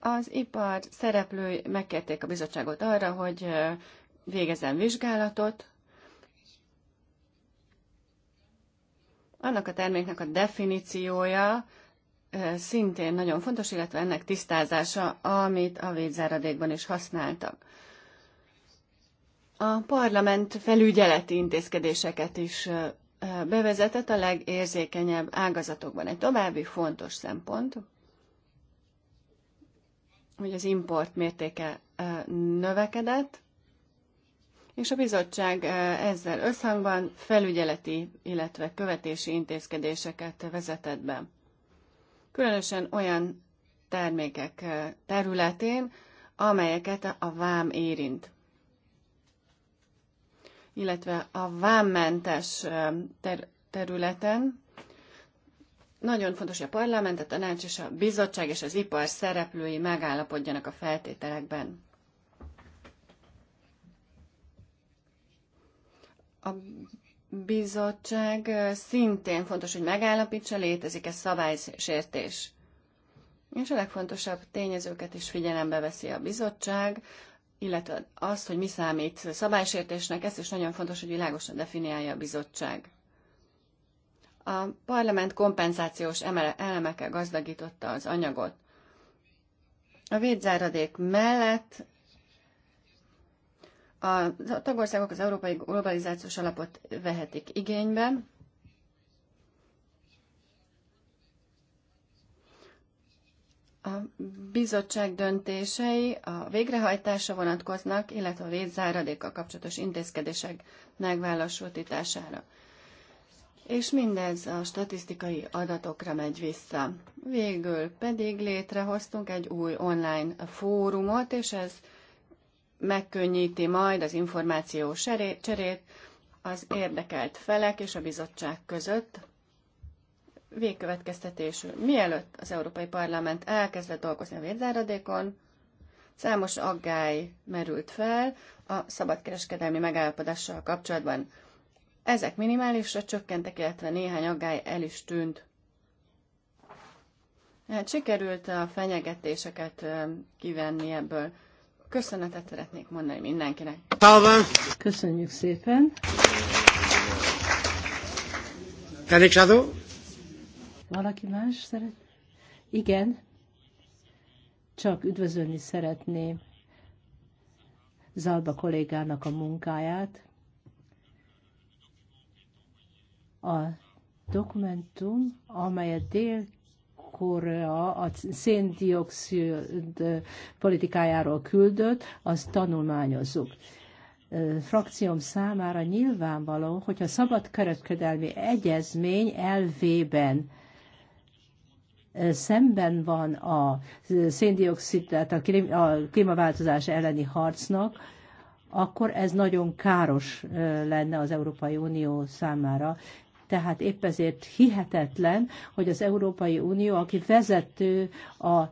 D: Az ipar szereplői megkérték a bizottságot arra, hogy végezzen vizsgálatot, annak a terméknek a definíciója szintén nagyon fontos, illetve ennek tisztázása, amit a védzáradékban is használtak. A parlament felügyeleti intézkedéseket is bevezetett a legérzékenyebb ágazatokban. Egy további fontos szempont, hogy az import mértéke növekedett, és a bizottság ezzel összhangban felügyeleti, illetve követési intézkedéseket vezetett be. Különösen olyan termékek területén, amelyeket a vám érint illetve a vámmentes ter- területen. Nagyon fontos, hogy a parlament, a tanács és a bizottság és az ipar szereplői megállapodjanak a feltételekben. A bizottság szintén fontos, hogy megállapítsa, létezik-e szabálysértés. És a legfontosabb tényezőket is figyelembe veszi a bizottság, illetve az, hogy mi számít szabálysértésnek, ezt is nagyon fontos, hogy világosan definiálja a bizottság. A parlament kompenzációs elemekkel gazdagította az anyagot. A védzáradék mellett a tagországok az Európai Globalizációs Alapot vehetik igénybe, A bizottság döntései a végrehajtása vonatkoznak, illetve a védzáradékkal kapcsolatos intézkedések megválaszolítására. És mindez a statisztikai adatokra megy vissza. Végül pedig létrehoztunk egy új online fórumot, és ez megkönnyíti majd az információ cserét az érdekelt felek és a bizottság között, végkövetkeztetésül. Mielőtt az Európai Parlament elkezdett dolgozni a védzáradékon, számos aggály merült fel a szabadkereskedelmi megállapodással kapcsolatban. Ezek minimálisra csökkentek, illetve néhány aggály el is tűnt. Hát sikerült a fenyegetéseket kivenni ebből. Köszönetet szeretnék mondani mindenkinek.
A: Köszönjük szépen. Köszönjük szépen.
B: Valaki más szeret? Igen, csak üdvözölni szeretném Zalba kollégának a munkáját. A dokumentum, amelyet Dél-Korea a széndiokszid politikájáról küldött, azt tanulmányozzuk frakcióm számára nyilvánvaló, hogy a szabadkereskedelmi egyezmény elvében szemben van a széndiokszid, tehát a klímaváltozás elleni harcnak, akkor ez nagyon káros lenne az Európai Unió számára. Tehát épp ezért hihetetlen, hogy az Európai Unió, aki vezető a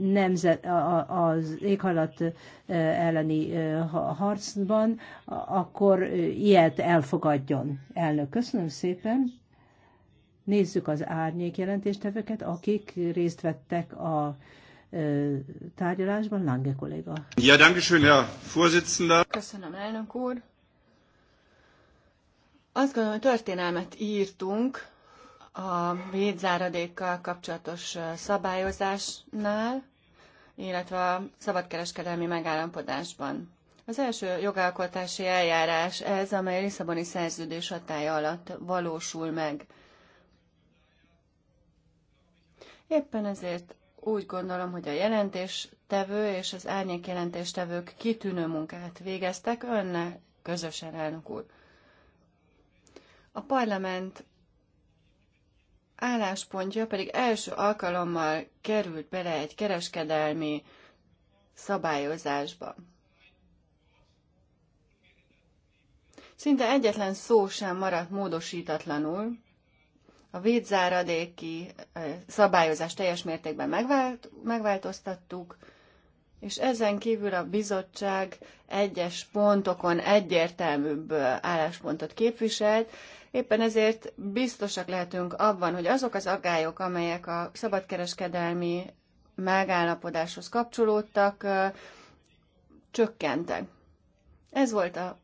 B: nemzet, az éghajlat elleni harcban, akkor ilyet elfogadjon. Elnök, köszönöm szépen. Nézzük az árnyék jelentéstevőket, akik részt vettek a tárgyalásban. Lange kolléga.
D: Ja, danke schön Herr Vorsitzender. Köszönöm, elnök úr. Azt gondolom, hogy történelmet írtunk a védzáradékkal kapcsolatos szabályozásnál, illetve a szabadkereskedelmi megállapodásban. Az első jogalkotási eljárás ez, amely a Lisszaboni szerződés hatája alatt valósul meg. Éppen ezért úgy gondolom, hogy a jelentéstevő és az árnyék jelentéstevők kitűnő munkát végeztek önnel közösen, elnök úr. A parlament álláspontja pedig első alkalommal került bele egy kereskedelmi szabályozásba. Szinte egyetlen szó sem maradt módosítatlanul, a vízzáradéki szabályozást teljes mértékben megvált, megváltoztattuk, és ezen kívül a bizottság egyes pontokon egyértelműbb álláspontot képviselt, éppen ezért biztosak lehetünk abban, hogy azok az aggályok, amelyek a szabadkereskedelmi megállapodáshoz kapcsolódtak, csökkentek. Ez volt a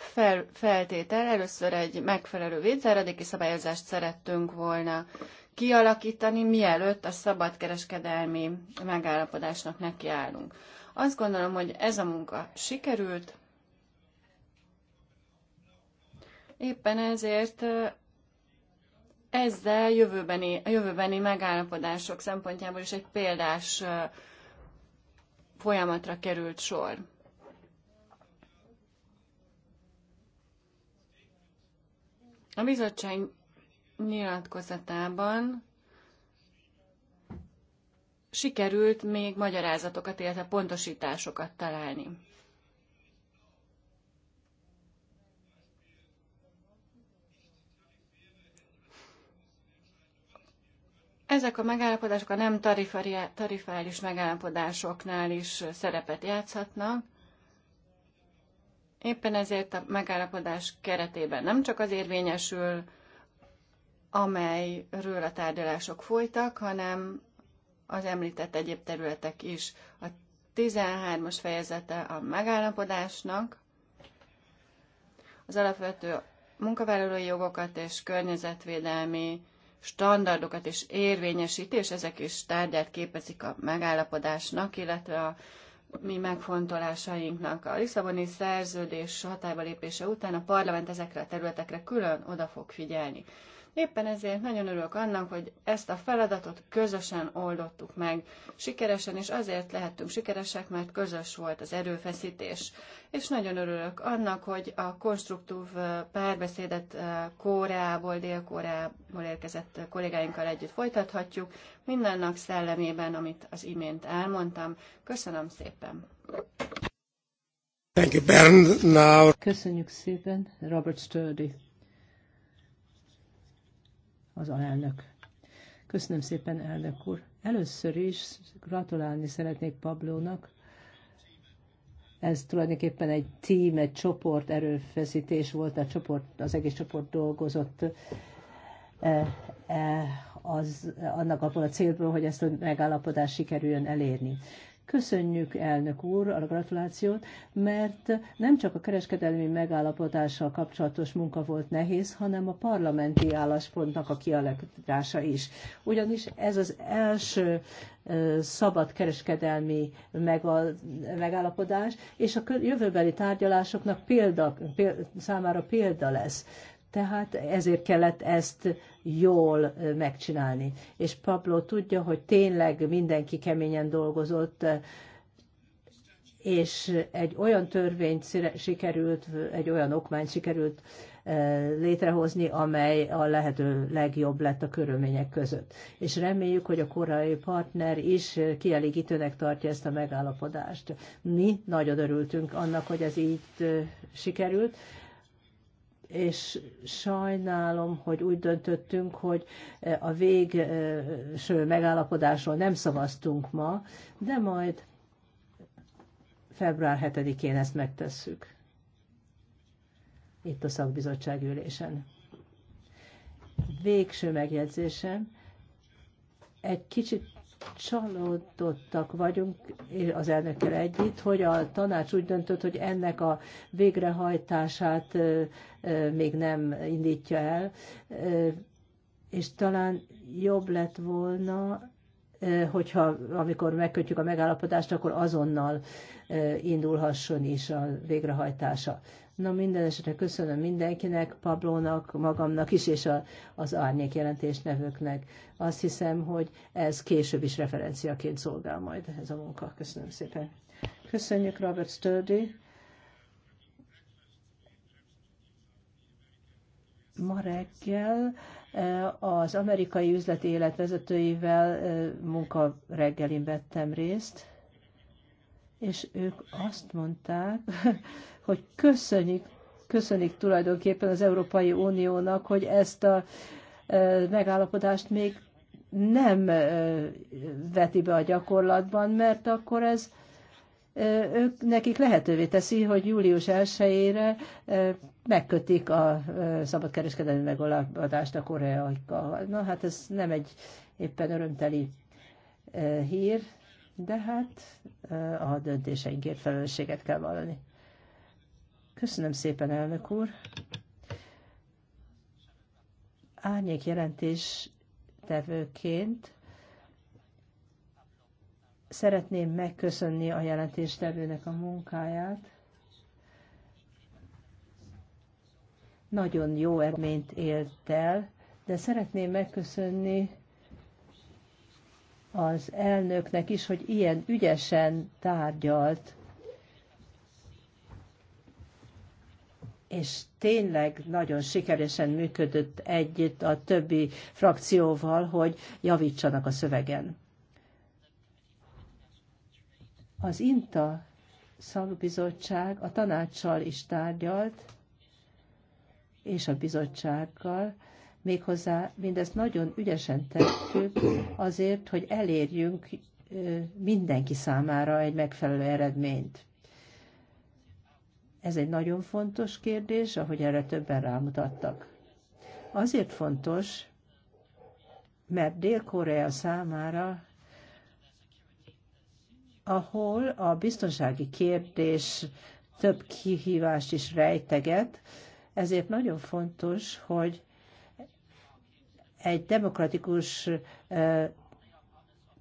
D: fel, feltétel. Először egy megfelelő védzáradéki szabályozást szerettünk volna kialakítani, mielőtt a szabadkereskedelmi megállapodásnak nekiállunk. Azt gondolom, hogy ez a munka sikerült. Éppen ezért eh, ezzel jövőbeni, a jövőbeni megállapodások szempontjából is egy példás eh, folyamatra került sor. A bizottság nyilatkozatában sikerült még magyarázatokat, illetve pontosításokat találni. Ezek a megállapodások a nem tarifális megállapodásoknál is szerepet játszhatnak, Éppen ezért a megállapodás keretében nem csak az érvényesül, amelyről a tárgyalások folytak, hanem az említett egyéb területek is. A 13-as fejezete a megállapodásnak az alapvető munkavállalói jogokat és környezetvédelmi standardokat is érvényesíti és ezek is tárgyát képezik a megállapodásnak, illetve a mi megfontolásainknak. A Lisszaboni szerződés hatályba lépése után a parlament ezekre a területekre külön oda fog figyelni. Éppen ezért nagyon örülök annak, hogy ezt a feladatot közösen oldottuk meg. Sikeresen, és azért lehettünk sikeresek, mert közös volt az erőfeszítés. És nagyon örülök annak, hogy a konstruktív párbeszédet Kóreából, Dél-Kóreából érkezett kollégáinkkal együtt folytathatjuk, mindennak szellemében, amit az imént elmondtam. Köszönöm szépen!
A: Thank you, Bernd. Now... Köszönjük
B: szépen, Robert Sturdy az alelnök. Köszönöm szépen, elnök úr. Először is gratulálni szeretnék Pablónak. Ez tulajdonképpen egy tím, egy csoport erőfeszítés volt, a csoport, az egész csoport dolgozott e, e, az, annak abból a célból, hogy ezt a megállapodást sikerüljön elérni. Köszönjük, elnök úr, a gratulációt, mert nem csak a kereskedelmi megállapodással kapcsolatos munka volt nehéz, hanem a parlamenti álláspontnak a kialakítása is. Ugyanis ez az első szabad kereskedelmi megállapodás, és a jövőbeli tárgyalásoknak példa, példa, számára példa lesz. Tehát ezért kellett ezt jól megcsinálni. És Pablo tudja, hogy tényleg mindenki keményen dolgozott, és egy olyan törvényt sikerült, egy olyan okmányt sikerült létrehozni, amely a lehető legjobb lett a körülmények között. És reméljük, hogy a korai partner is kielégítőnek tartja ezt a megállapodást. Mi nagyon örültünk annak, hogy ez így sikerült, és sajnálom, hogy úgy döntöttünk, hogy eh, a végső megállapodásról nem szavaztunk ma, de majd február 7-én ezt megtesszük. Itt a szakbizottság ülésen. Végső megjegyzésem, egy kicsit csalódottak vagyunk eh, az elnökkel együtt, hogy a tanács úgy döntött, hogy ennek a végrehajtását eh, eh, még nem indítja el, és talán jobb lett volna, hogyha amikor megkötjük a megállapodást, akkor azonnal indulhasson is a végrehajtása. Na minden esetre köszönöm mindenkinek, Pablónak, magamnak is, és a, az árnyék jelentés nevőknek. Azt hiszem, hogy ez később is referenciaként szolgál majd ez a munka. Köszönöm szépen. Köszönjük Robert Sturdy. Ma reggel e, az amerikai üzleti élet vezetőivel e, munka reggelin vettem részt, és ők azt mondták, hogy köszönjük, köszönjük tulajdonképpen az Európai Uniónak, hogy ezt a e, megállapodást még nem e, veti be a gyakorlatban, mert akkor ez e, ők, nekik lehetővé teszi, hogy július 1-ére megkötik a szabadkereskedelmi megalapodást a koreaikkal. Na hát ez nem egy éppen örömteli hír, de hát a döntéseinkért felelősséget kell vallani. Köszönöm szépen, elnök úr. Árnyék jelentés tevőként szeretném megköszönni a jelentéstevőnek a munkáját. Nagyon jó eredményt élt el, de szeretném megköszönni az elnöknek is, hogy ilyen ügyesen tárgyalt és tényleg nagyon sikeresen működött együtt a többi frakcióval, hogy javítsanak a szövegen. Az INTA szakbizottság a tanácssal is tárgyalt, és a bizottsággal, méghozzá mindezt nagyon ügyesen tettük azért, hogy elérjünk mindenki számára egy megfelelő eredményt. Ez egy nagyon fontos kérdés, ahogy erre többen rámutattak. Azért fontos, mert Dél-Korea számára, ahol a biztonsági kérdés több kihívást is rejteget, ezért nagyon fontos, hogy egy demokratikus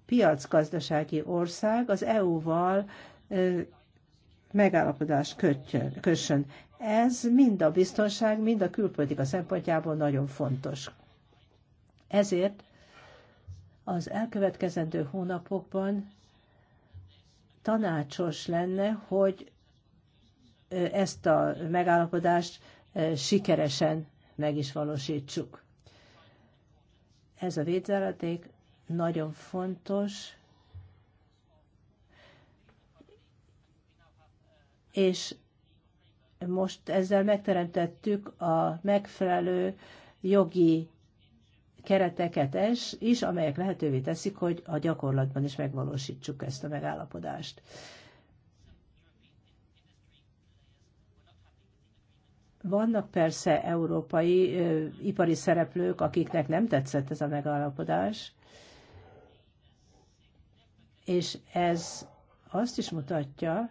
B: piacgazdasági ország az EU-val megállapodást kössön. Ez mind a biztonság, mind a külpolitika szempontjából nagyon fontos. Ezért az elkövetkezendő hónapokban tanácsos lenne, hogy ezt a megállapodást sikeresen meg is valósítsuk. Ez a védzáraték nagyon fontos és most ezzel megteremtettük a megfelelő jogi kereteket is, amelyek lehetővé teszik, hogy a gyakorlatban is megvalósítsuk ezt a megállapodást. Vannak persze európai ö, ipari szereplők, akiknek nem tetszett ez a megállapodás, és ez azt is mutatja,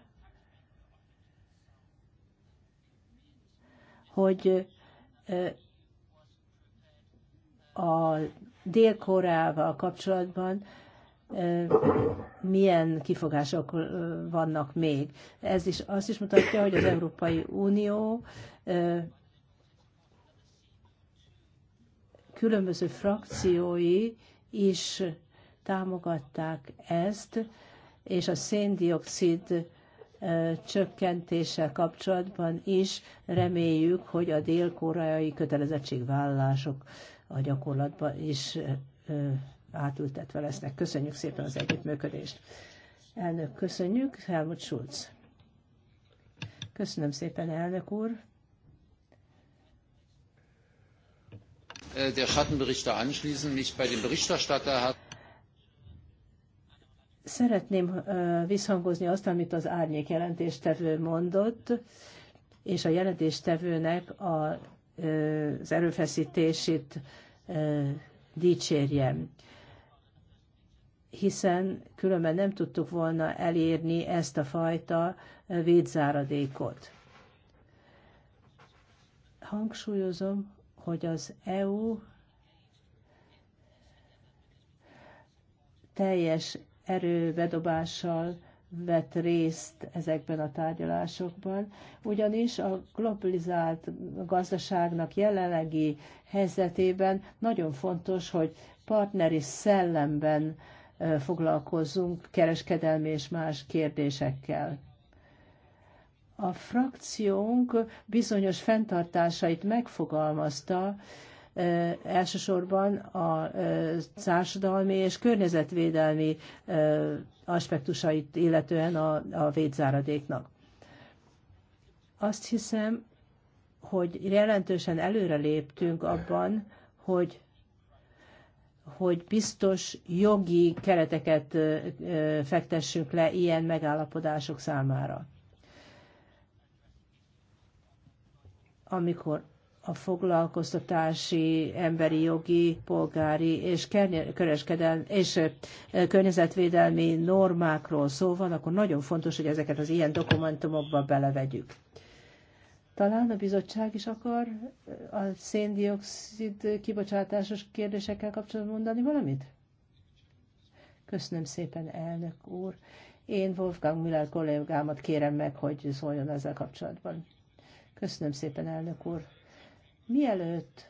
B: hogy a Dél-Koreával kapcsolatban milyen kifogások vannak még. Ez is azt is mutatja, hogy az Európai Unió különböző frakciói is támogatták ezt, és a széndiokszid csökkentéssel kapcsolatban is reméljük, hogy a dél-koreai kötelezettségvállalások a gyakorlatban is átültetve lesznek. Köszönjük szépen az együttműködést. Elnök, köszönjük. Helmut Schulz. Köszönöm szépen, elnök úr.
A: Äh, der Schattenberichter anschließen, mich bei dem Berichterstatter hat
B: Szeretném visszhangozni azt, amit az árnyék jelentéstevő mondott, és a jelentéstevőnek a, az erőfeszítését dicsérjem hiszen különben nem tudtuk volna elérni ezt a fajta védzáradékot. Hangsúlyozom, hogy az EU teljes erőbedobással vett részt ezekben a tárgyalásokban, ugyanis a globalizált gazdaságnak jelenlegi helyzetében nagyon fontos, hogy partneri szellemben foglalkozzunk kereskedelmi és más kérdésekkel. A frakciónk bizonyos fenntartásait megfogalmazta, elsősorban a társadalmi és környezetvédelmi aspektusait illetően a, a védzáradéknak. Azt hiszem, hogy jelentősen előre léptünk abban, hogy hogy biztos jogi kereteket fektessünk le ilyen megállapodások számára. Amikor a foglalkoztatási, emberi jogi, polgári és kereskedelmi és környezetvédelmi normákról szó van, akkor nagyon fontos, hogy ezeket az ilyen dokumentumokba belevegyük. Talán a bizottság is akar a széndiokszid kibocsátásos kérdésekkel kapcsolatban mondani valamit? Köszönöm szépen, elnök úr. Én Wolfgang Müller kollégámat kérem meg, hogy szóljon ezzel kapcsolatban. Köszönöm szépen, elnök úr. Mielőtt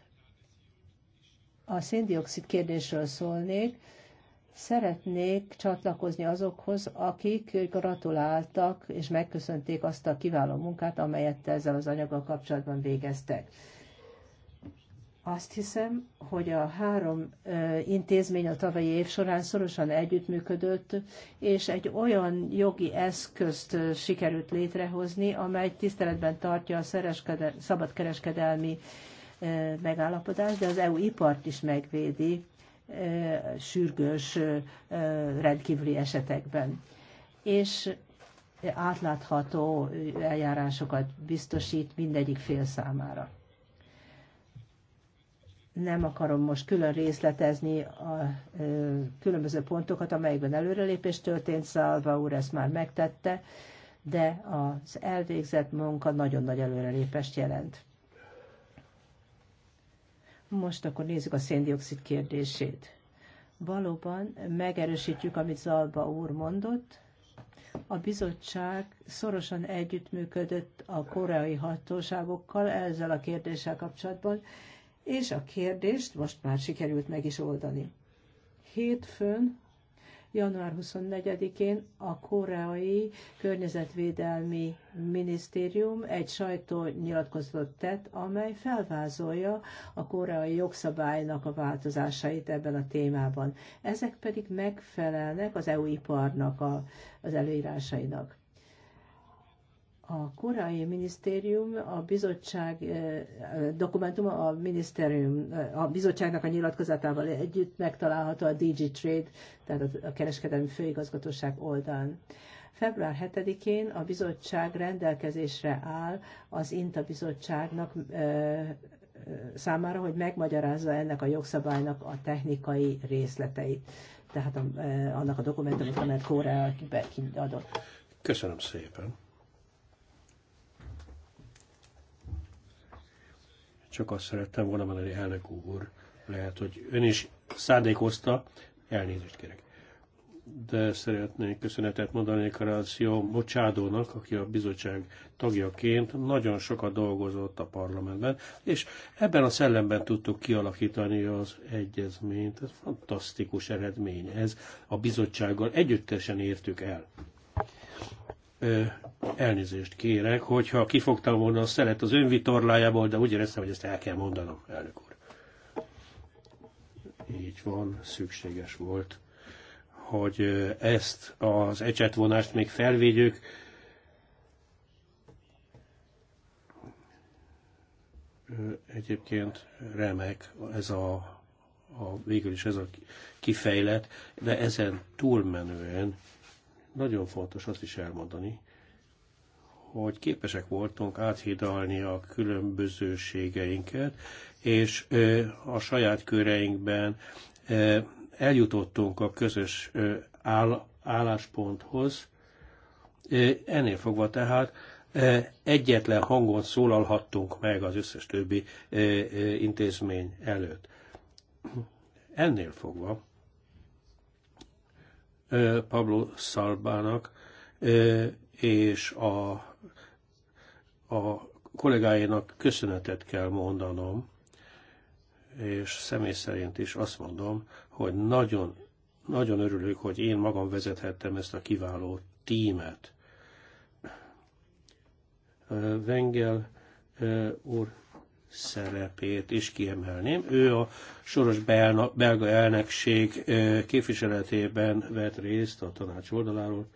B: a széndiokszid kérdésről szólnék, szeretnék csatlakozni azokhoz, akik gratuláltak és megköszönték azt a kiváló munkát, amelyet ezzel az anyaggal kapcsolatban végeztek. Azt hiszem, hogy a három intézmény a tavalyi év során szorosan együttműködött, és egy olyan jogi eszközt sikerült létrehozni, amely tiszteletben tartja a szabadkereskedelmi megállapodást, de az EU ipart is megvédi sürgős rendkívüli esetekben. És átlátható eljárásokat biztosít mindegyik fél számára nem akarom most külön részletezni a különböző pontokat, amelyekben előrelépés történt, Szalva úr ezt már megtette, de az elvégzett munka nagyon nagy előrelépést jelent. Most akkor nézzük a széndiokszid kérdését. Valóban megerősítjük, amit Zalba úr mondott. A bizottság szorosan együttműködött a koreai hatóságokkal ezzel a kérdéssel kapcsolatban, és a kérdést most már sikerült meg is oldani. Hétfőn, január 24-én a koreai környezetvédelmi minisztérium egy sajtónyilatkozatot tett, amely felvázolja a koreai jogszabálynak a változásait ebben a témában. Ezek pedig megfelelnek az EU iparnak a, az előírásainak. A korai minisztérium, a bizottság eh, dokumentuma a minisztérium, eh, a bizottságnak a nyilatkozatával együtt megtalálható a DG Trade, tehát a kereskedelmi főigazgatóság oldalán. Február 7-én a bizottság rendelkezésre áll az INTA bizottságnak eh, számára, hogy megmagyarázza ennek a jogszabálynak a technikai részleteit, tehát a, annak a dokumentumot, amelyet Korea kiadott.
C: Köszönöm szépen. Csak azt szerettem volna mondani, elnök úr, lehet, hogy ön is szándékozta, elnézést kérek. De szeretnék köszönetet mondani Karácsió Mocsádónak, aki a bizottság tagjaként nagyon sokat dolgozott a parlamentben, és ebben a szellemben tudtuk kialakítani az egyezményt. Ez fantasztikus eredmény ez. A bizottsággal együttesen értük el elnézést kérek, hogyha kifogtam volna a szelet az önvitorlájából, de úgy éreztem, hogy ezt el kell mondanom, elnök úr. Így van, szükséges volt, hogy ezt az ecsetvonást még felvédjük. Egyébként remek ez a, a végül is ez a kifejlet, de ezen túlmenően nagyon fontos azt is elmondani, hogy képesek voltunk áthidalni a különbözőségeinket, és a saját köreinkben eljutottunk a közös állásponthoz. Ennél fogva tehát egyetlen hangon szólalhattunk meg az összes többi intézmény előtt. Ennél fogva Pablo Szalbának és a, a kollégáinak köszönetet kell mondanom, és személy szerint is azt mondom, hogy nagyon, nagyon örülök, hogy én magam vezethettem ezt a kiváló tímet. Vengel úr szerepét is kiemelném. Ő a soros belga elnökség képviseletében vett részt a tanács oldaláról.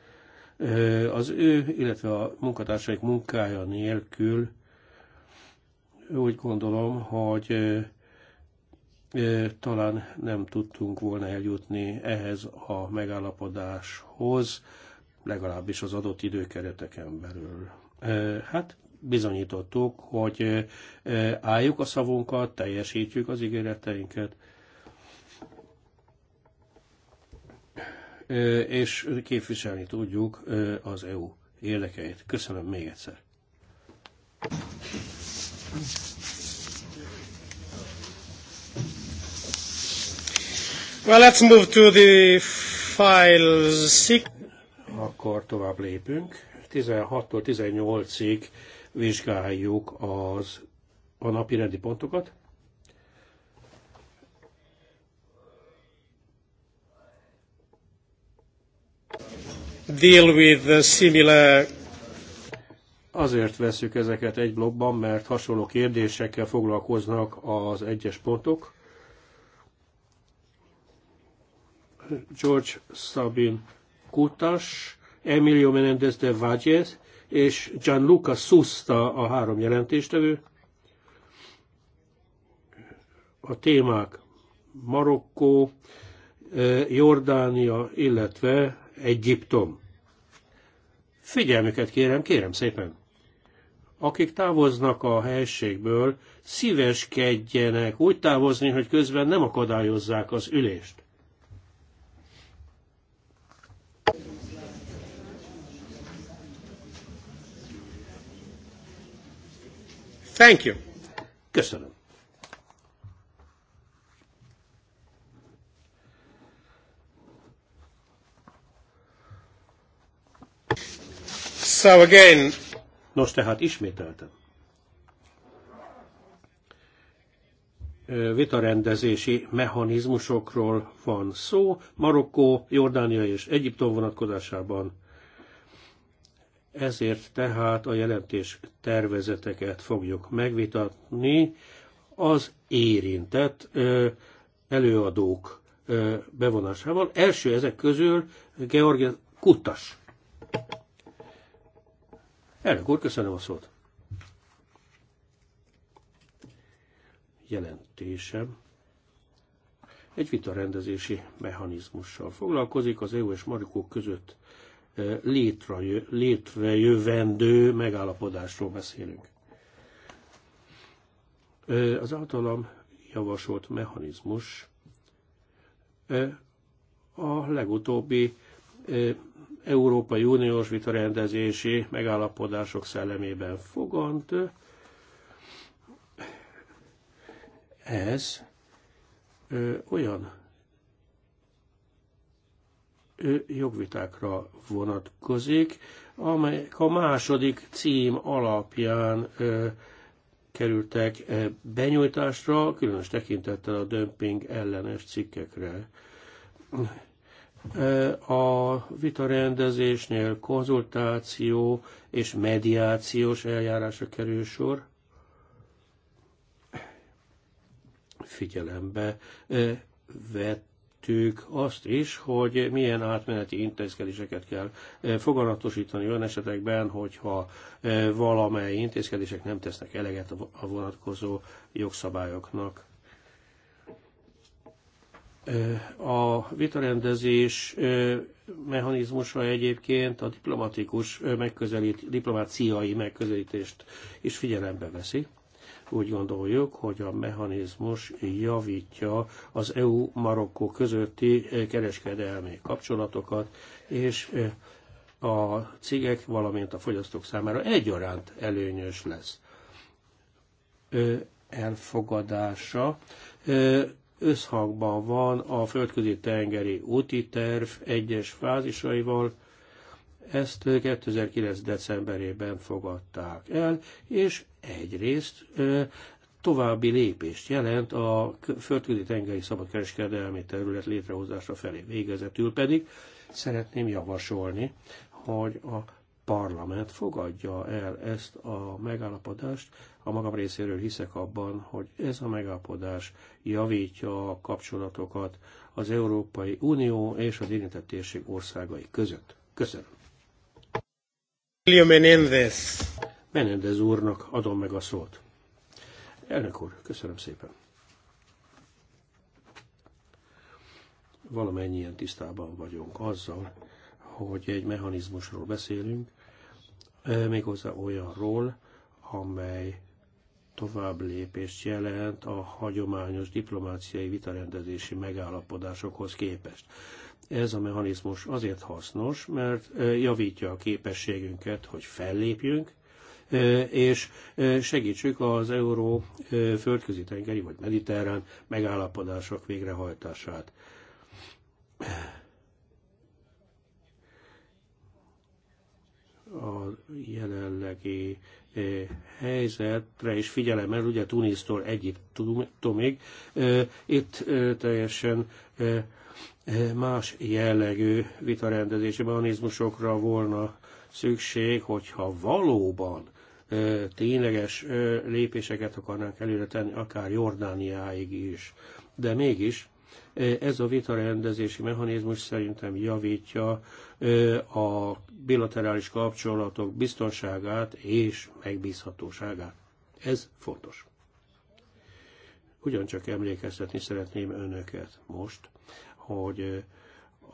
C: Az ő, illetve a munkatársaik munkája nélkül úgy gondolom, hogy talán nem tudtunk volna eljutni ehhez a megállapodáshoz, legalábbis az adott időkereteken belül. Hát bizonyítottuk, hogy álljuk a szavunkat, teljesítjük az ígéreteinket, és képviselni tudjuk az EU érdekeit. Köszönöm még egyszer.
A: Well, let's move to the file six.
C: Akkor tovább lépünk. 16-tól 18-ig vizsgáljuk az, a napi rendi pontokat. Deal with the similar Azért veszük ezeket egy blogban, mert hasonló kérdésekkel foglalkoznak az egyes pontok. George Sabin Kutas, Emilio Menendez de Vágyez, és Gianluca Susta a három jelentéstevő. A témák Marokkó, eh, Jordánia, illetve Egyiptom. Figyelmüket kérem, kérem szépen! Akik távoznak a helységből, szíveskedjenek úgy távozni, hogy közben nem akadályozzák az ülést. Thank you. Köszönöm. So again. Nos, tehát ismételtem. vitarendezési mechanizmusokról van szó, Marokkó, Jordánia és Egyiptom vonatkozásában ezért tehát a jelentés tervezeteket fogjuk megvitatni az érintett előadók bevonásával. Első ezek közül Georg Kutas. Elnök úr, köszönöm a szót. Jelentésem egy vitarendezési mechanizmussal foglalkozik az EU és Marikók között létrejö, létrejövendő megállapodásról beszélünk. Az általam javasolt mechanizmus a legutóbbi Európai Uniós vitarendezési megállapodások szellemében fogant. Ez olyan jogvitákra vonatkozik, amelyek a második cím alapján ö, kerültek benyújtásra, különös tekintettel a dömping ellenes cikkekre. A vitarendezésnél konzultáció és mediációs eljárásra kerül sor. Figyelembe vett említettük azt is, hogy milyen átmeneti intézkedéseket kell foganatosítani olyan esetekben, hogyha valamely intézkedések nem tesznek eleget a vonatkozó jogszabályoknak. A vitarendezés mechanizmusa egyébként a diplomatikus megközelít, diplomáciai megközelítést is figyelembe veszi úgy gondoljuk, hogy a mechanizmus javítja az EU-Marokkó közötti eh, kereskedelmi kapcsolatokat, és eh, a cégek, valamint a fogyasztók számára egyaránt előnyös lesz elfogadása összhangban van a földközi tengeri úti terv egyes fázisaival, ezt 2009. decemberében fogadták el, és egyrészt további lépést jelent a földközi tengeri szabadkereskedelmi terület létrehozása felé. Végezetül pedig szeretném javasolni, hogy a parlament fogadja el ezt a megállapodást. A magam részéről hiszek abban, hogy ez a megállapodás javítja a kapcsolatokat az Európai Unió és az érintett térség országai között. Köszönöm. Emilio Menéndez. Menéndez úrnak adom meg a szót. Elnök úr, köszönöm szépen. Valamennyien tisztában vagyunk azzal, hogy egy mechanizmusról beszélünk, méghozzá olyanról, amely tovább lépést jelent a hagyományos diplomáciai vitarendezési megállapodásokhoz képest. Ez a mechanizmus azért hasznos, mert javítja a képességünket, hogy fellépjünk, és segítsük az euró földközi tengeri vagy mediterrán megállapodások végrehajtását. A jelenlegi helyzetre is mert ugye Tunisztól Egyiptomig, itt teljesen Más jellegű vitarendezési mechanizmusokra volna szükség, hogyha valóban tényleges lépéseket akarnánk előre tenni, akár Jordániáig is. De mégis ez a vitarendezési mechanizmus szerintem javítja a bilaterális kapcsolatok biztonságát és megbízhatóságát. Ez fontos. Ugyancsak emlékeztetni szeretném önöket most hogy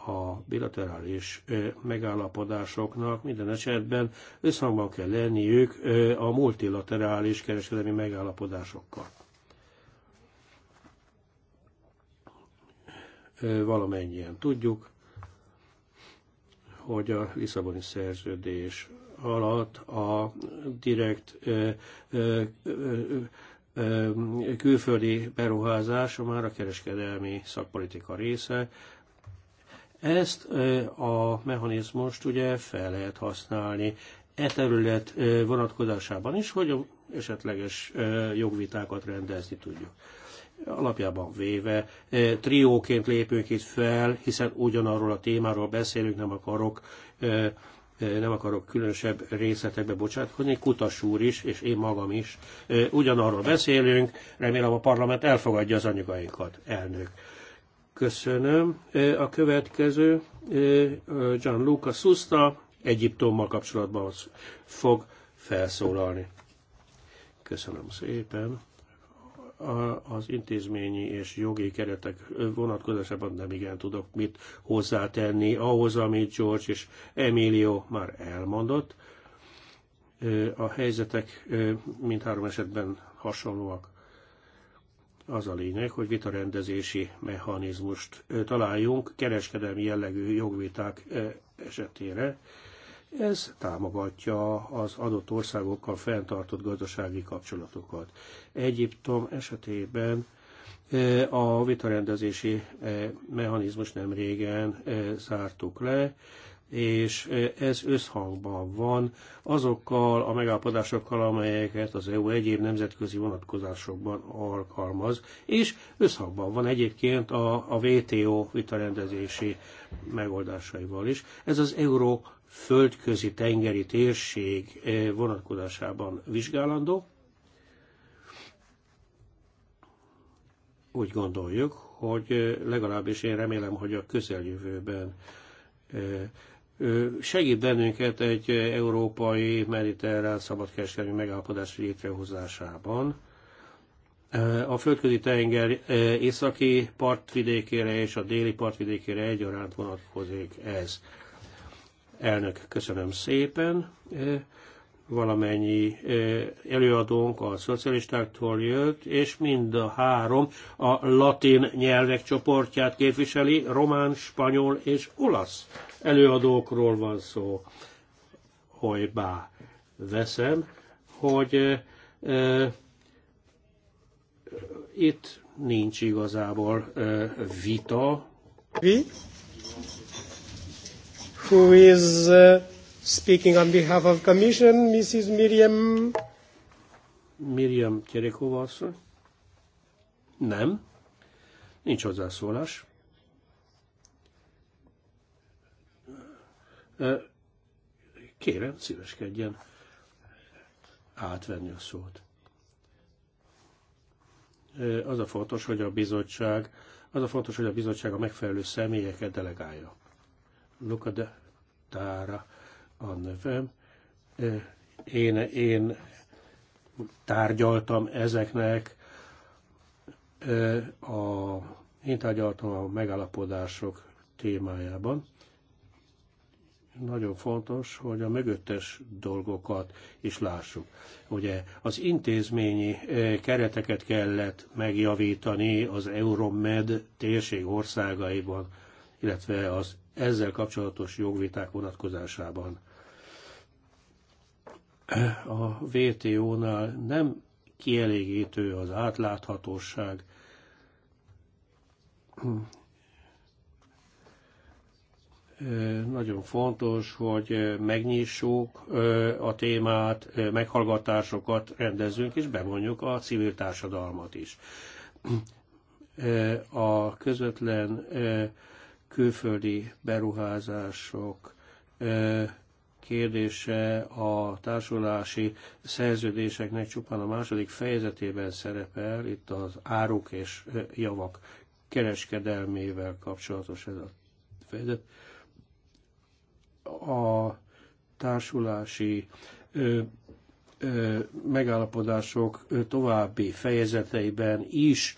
C: a bilaterális megállapodásoknak minden esetben összhangban kell lenniük a multilaterális kereskedelmi megállapodásokkal. Valamennyien tudjuk, hogy a Lisszaboni szerződés alatt a direkt külföldi beruházás már a kereskedelmi szakpolitika része. Ezt a mechanizmust ugye fel lehet használni e terület vonatkozásában is, hogy esetleges jogvitákat rendezni tudjuk. Alapjában véve trióként lépünk itt fel, hiszen ugyanarról a témáról beszélünk, nem akarok nem akarok különösebb részletekbe bocsátkozni, Kutas úr is, és én magam is ugyanarról beszélünk, remélem a parlament elfogadja az anyagainkat, elnök. Köszönöm. A következő Luca Susta Egyiptommal kapcsolatban fog felszólalni. Köszönöm szépen az intézményi és jogi keretek vonatkozásában nem igen tudok mit hozzátenni ahhoz, amit George és Emilio már elmondott. A helyzetek mindhárom esetben hasonlóak. Az a lényeg, hogy vitarendezési mechanizmust találjunk kereskedelmi jellegű jogviták esetére ez támogatja az adott országokkal fenntartott gazdasági kapcsolatokat. Egyiptom esetében e, a vitarendezési e, mechanizmus nem régen e, zártuk le, és ez összhangban van azokkal a megállapodásokkal, amelyeket az EU egyéb nemzetközi vonatkozásokban alkalmaz, és összhangban van egyébként a, a WTO vitarendezési megoldásaival is. Ez az euró földközi tengeri térség eh, vonatkozásában vizsgálandó. Úgy gondoljuk, hogy eh, legalábbis én remélem, hogy a közeljövőben eh, segít bennünket egy európai mediterrán szabadkereskedelmi megállapodás létrehozásában. A földközi tenger északi partvidékére és a déli partvidékére egyaránt vonatkozik ez. Elnök, köszönöm szépen. E, valamennyi e, előadónk a szocialistáktól jött, és mind a három a latin nyelvek csoportját képviseli, román, spanyol és olasz előadókról van szó. Hojbá veszem, hogy e, itt nincs igazából vita.
A: Mi? who is uh, speaking on behalf of Commission, Mrs. Miriam. Miriam Kerekova,
C: asszony? Nem. Nincs hozzászólás. Kérem, szíveskedjen átvenni a szót. Az a fontos, hogy a bizottság, az a fontos, hogy a bizottság a megfelelő személyeket delegálja tára a nevem. Én, én tárgyaltam ezeknek a, én tárgyaltam a megállapodások témájában. Nagyon fontos, hogy a mögöttes dolgokat is lássuk. Ugye az intézményi kereteket kellett megjavítani az Euromed térség országaiban illetve az ezzel kapcsolatos jogviták vonatkozásában. A VTO-nál nem kielégítő az átláthatóság, nagyon fontos, hogy megnyissuk a témát, meghallgatásokat rendezünk, és bevonjuk a civil társadalmat is. A közvetlen külföldi beruházások kérdése a társulási szerződéseknek csupán a második fejezetében szerepel, itt az áruk és javak kereskedelmével kapcsolatos ez a fejezet. A társulási megállapodások további fejezeteiben is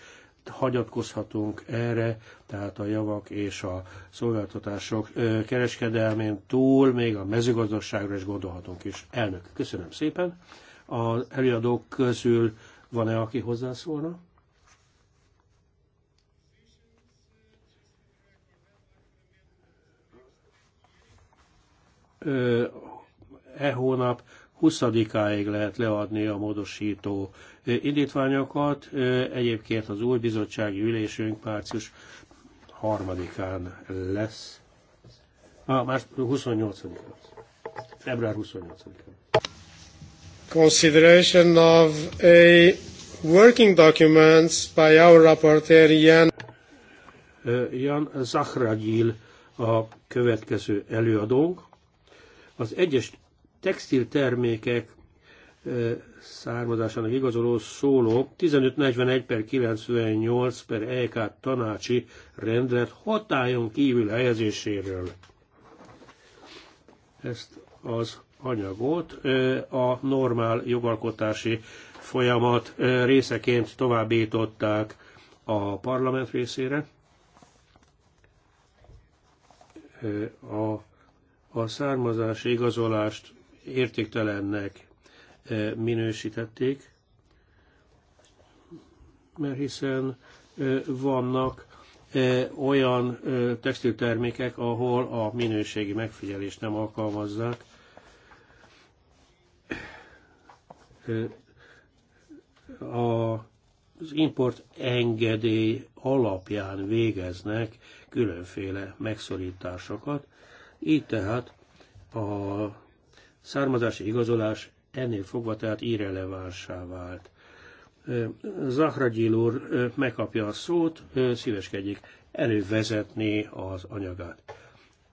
C: hagyatkozhatunk erre, tehát a javak és a szolgáltatások kereskedelmén túl még a mezőgazdaságra is gondolhatunk is. Elnök, köszönöm szépen. Az előadók közül van-e, aki hozzászólna? E hónap 20-áig lehet leadni a módosító indítványokat. Egyébként az új bizottsági ülésünk március harmadikán lesz. Ah, más 28-án. Február 28-án.
A: Consideration of a working documents by our rapporteur Jan. Jan
C: Zachragil a következő előadónk. Az egyes textiltermékek származásának igazoló szóló 1541 per 98 per EK tanácsi rendelet hatályon kívül helyezéséről. Ezt az anyagot a normál jogalkotási folyamat részeként továbbították a parlament részére. A, a származási igazolást értéktelennek minősítették, mert hiszen vannak olyan textiltermékek, ahol a minőségi megfigyelést nem alkalmazzák. A, az import engedély alapján végeznek különféle megszorításokat, így tehát a származási igazolás ennél fogva tehát irrelevánsá vált. Zahragyil úr megkapja a szót, szíveskedjék elővezetni az anyagát.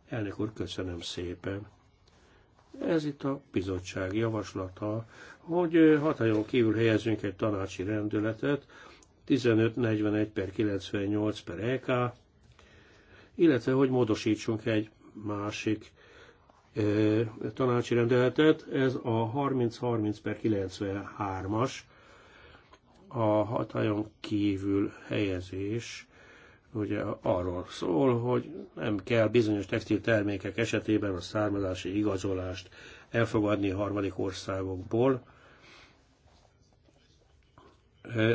C: Elnök úr, köszönöm szépen. Ez itt a bizottság javaslata, hogy hatályon kívül helyezünk egy tanácsi rendületet, 1541 per 98 per EK, illetve hogy módosítsunk egy másik tanácsi rendeletet, ez a 3030 per 93-as, a hatályon kívül helyezés, ugye arról szól, hogy nem kell bizonyos textiltermékek esetében a származási igazolást elfogadni harmadik országokból.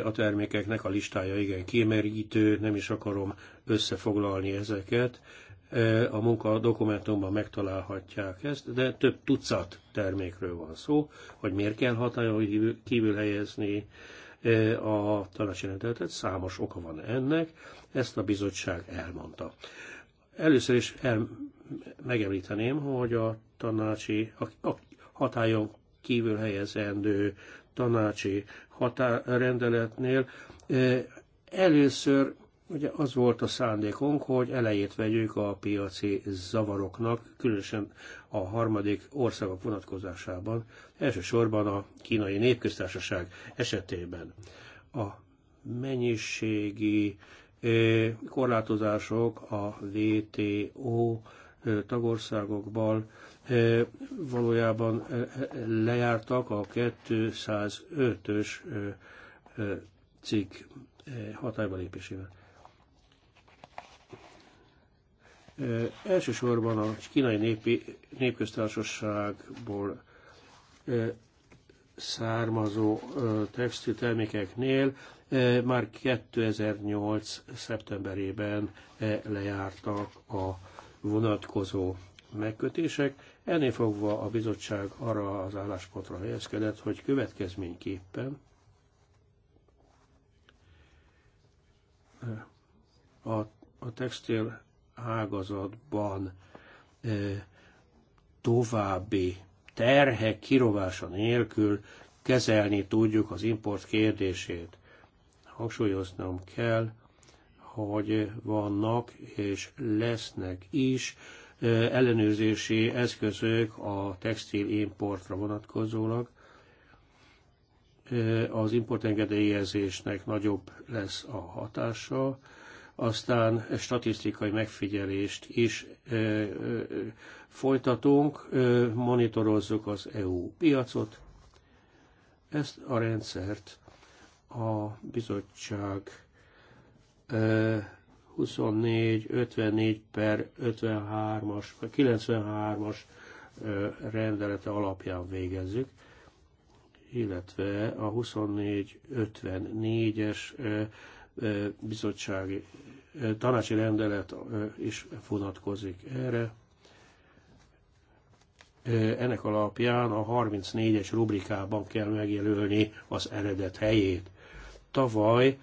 C: A termékeknek a listája igen kimerítő, nem is akarom összefoglalni ezeket. E, a munka dokumentumban megtalálhatják ezt, de több tucat termékről van szó, hogy miért kell hatályon kívül helyezni e, a tanácsi rendeletet, számos oka van ennek, ezt a bizottság elmondta. Először is el, megemlíteném, hogy a tanácsi, a, a hatályon kívül helyezendő tanácsi határrendeletnél e, először Ugye az volt a szándékunk, hogy elejét vegyük a piaci zavaroknak, különösen a harmadik országok vonatkozásában, elsősorban a kínai népköztársaság esetében. A mennyiségi korlátozások a WTO tagországokban valójában lejártak a 205-ös cikk hatályba lépésével. Elsősorban a kínai népi, népköztársaságból származó termékeknél már 2008. szeptemberében lejártak a vonatkozó megkötések. Ennél fogva a bizottság arra az álláspontra helyezkedett, hogy következményképpen a, a textil ágazatban további terhek kirovása nélkül kezelni tudjuk az import kérdését. Hangsúlyoznom kell, hogy vannak és lesznek is ellenőrzési eszközök a textil importra vonatkozólag. Az importengedélyezésnek nagyobb lesz a hatása, aztán statisztikai megfigyelést is folytatunk, monitorozzuk az EU piacot. Ezt a rendszert a bizottság 24, 54 per 53-as, vagy 93-as rendelete alapján végezzük, illetve a 24-54-es bizottsági tanácsi rendelet is vonatkozik erre. Ennek alapján a 34-es rubrikában kell megjelölni az eredet helyét. Tavaly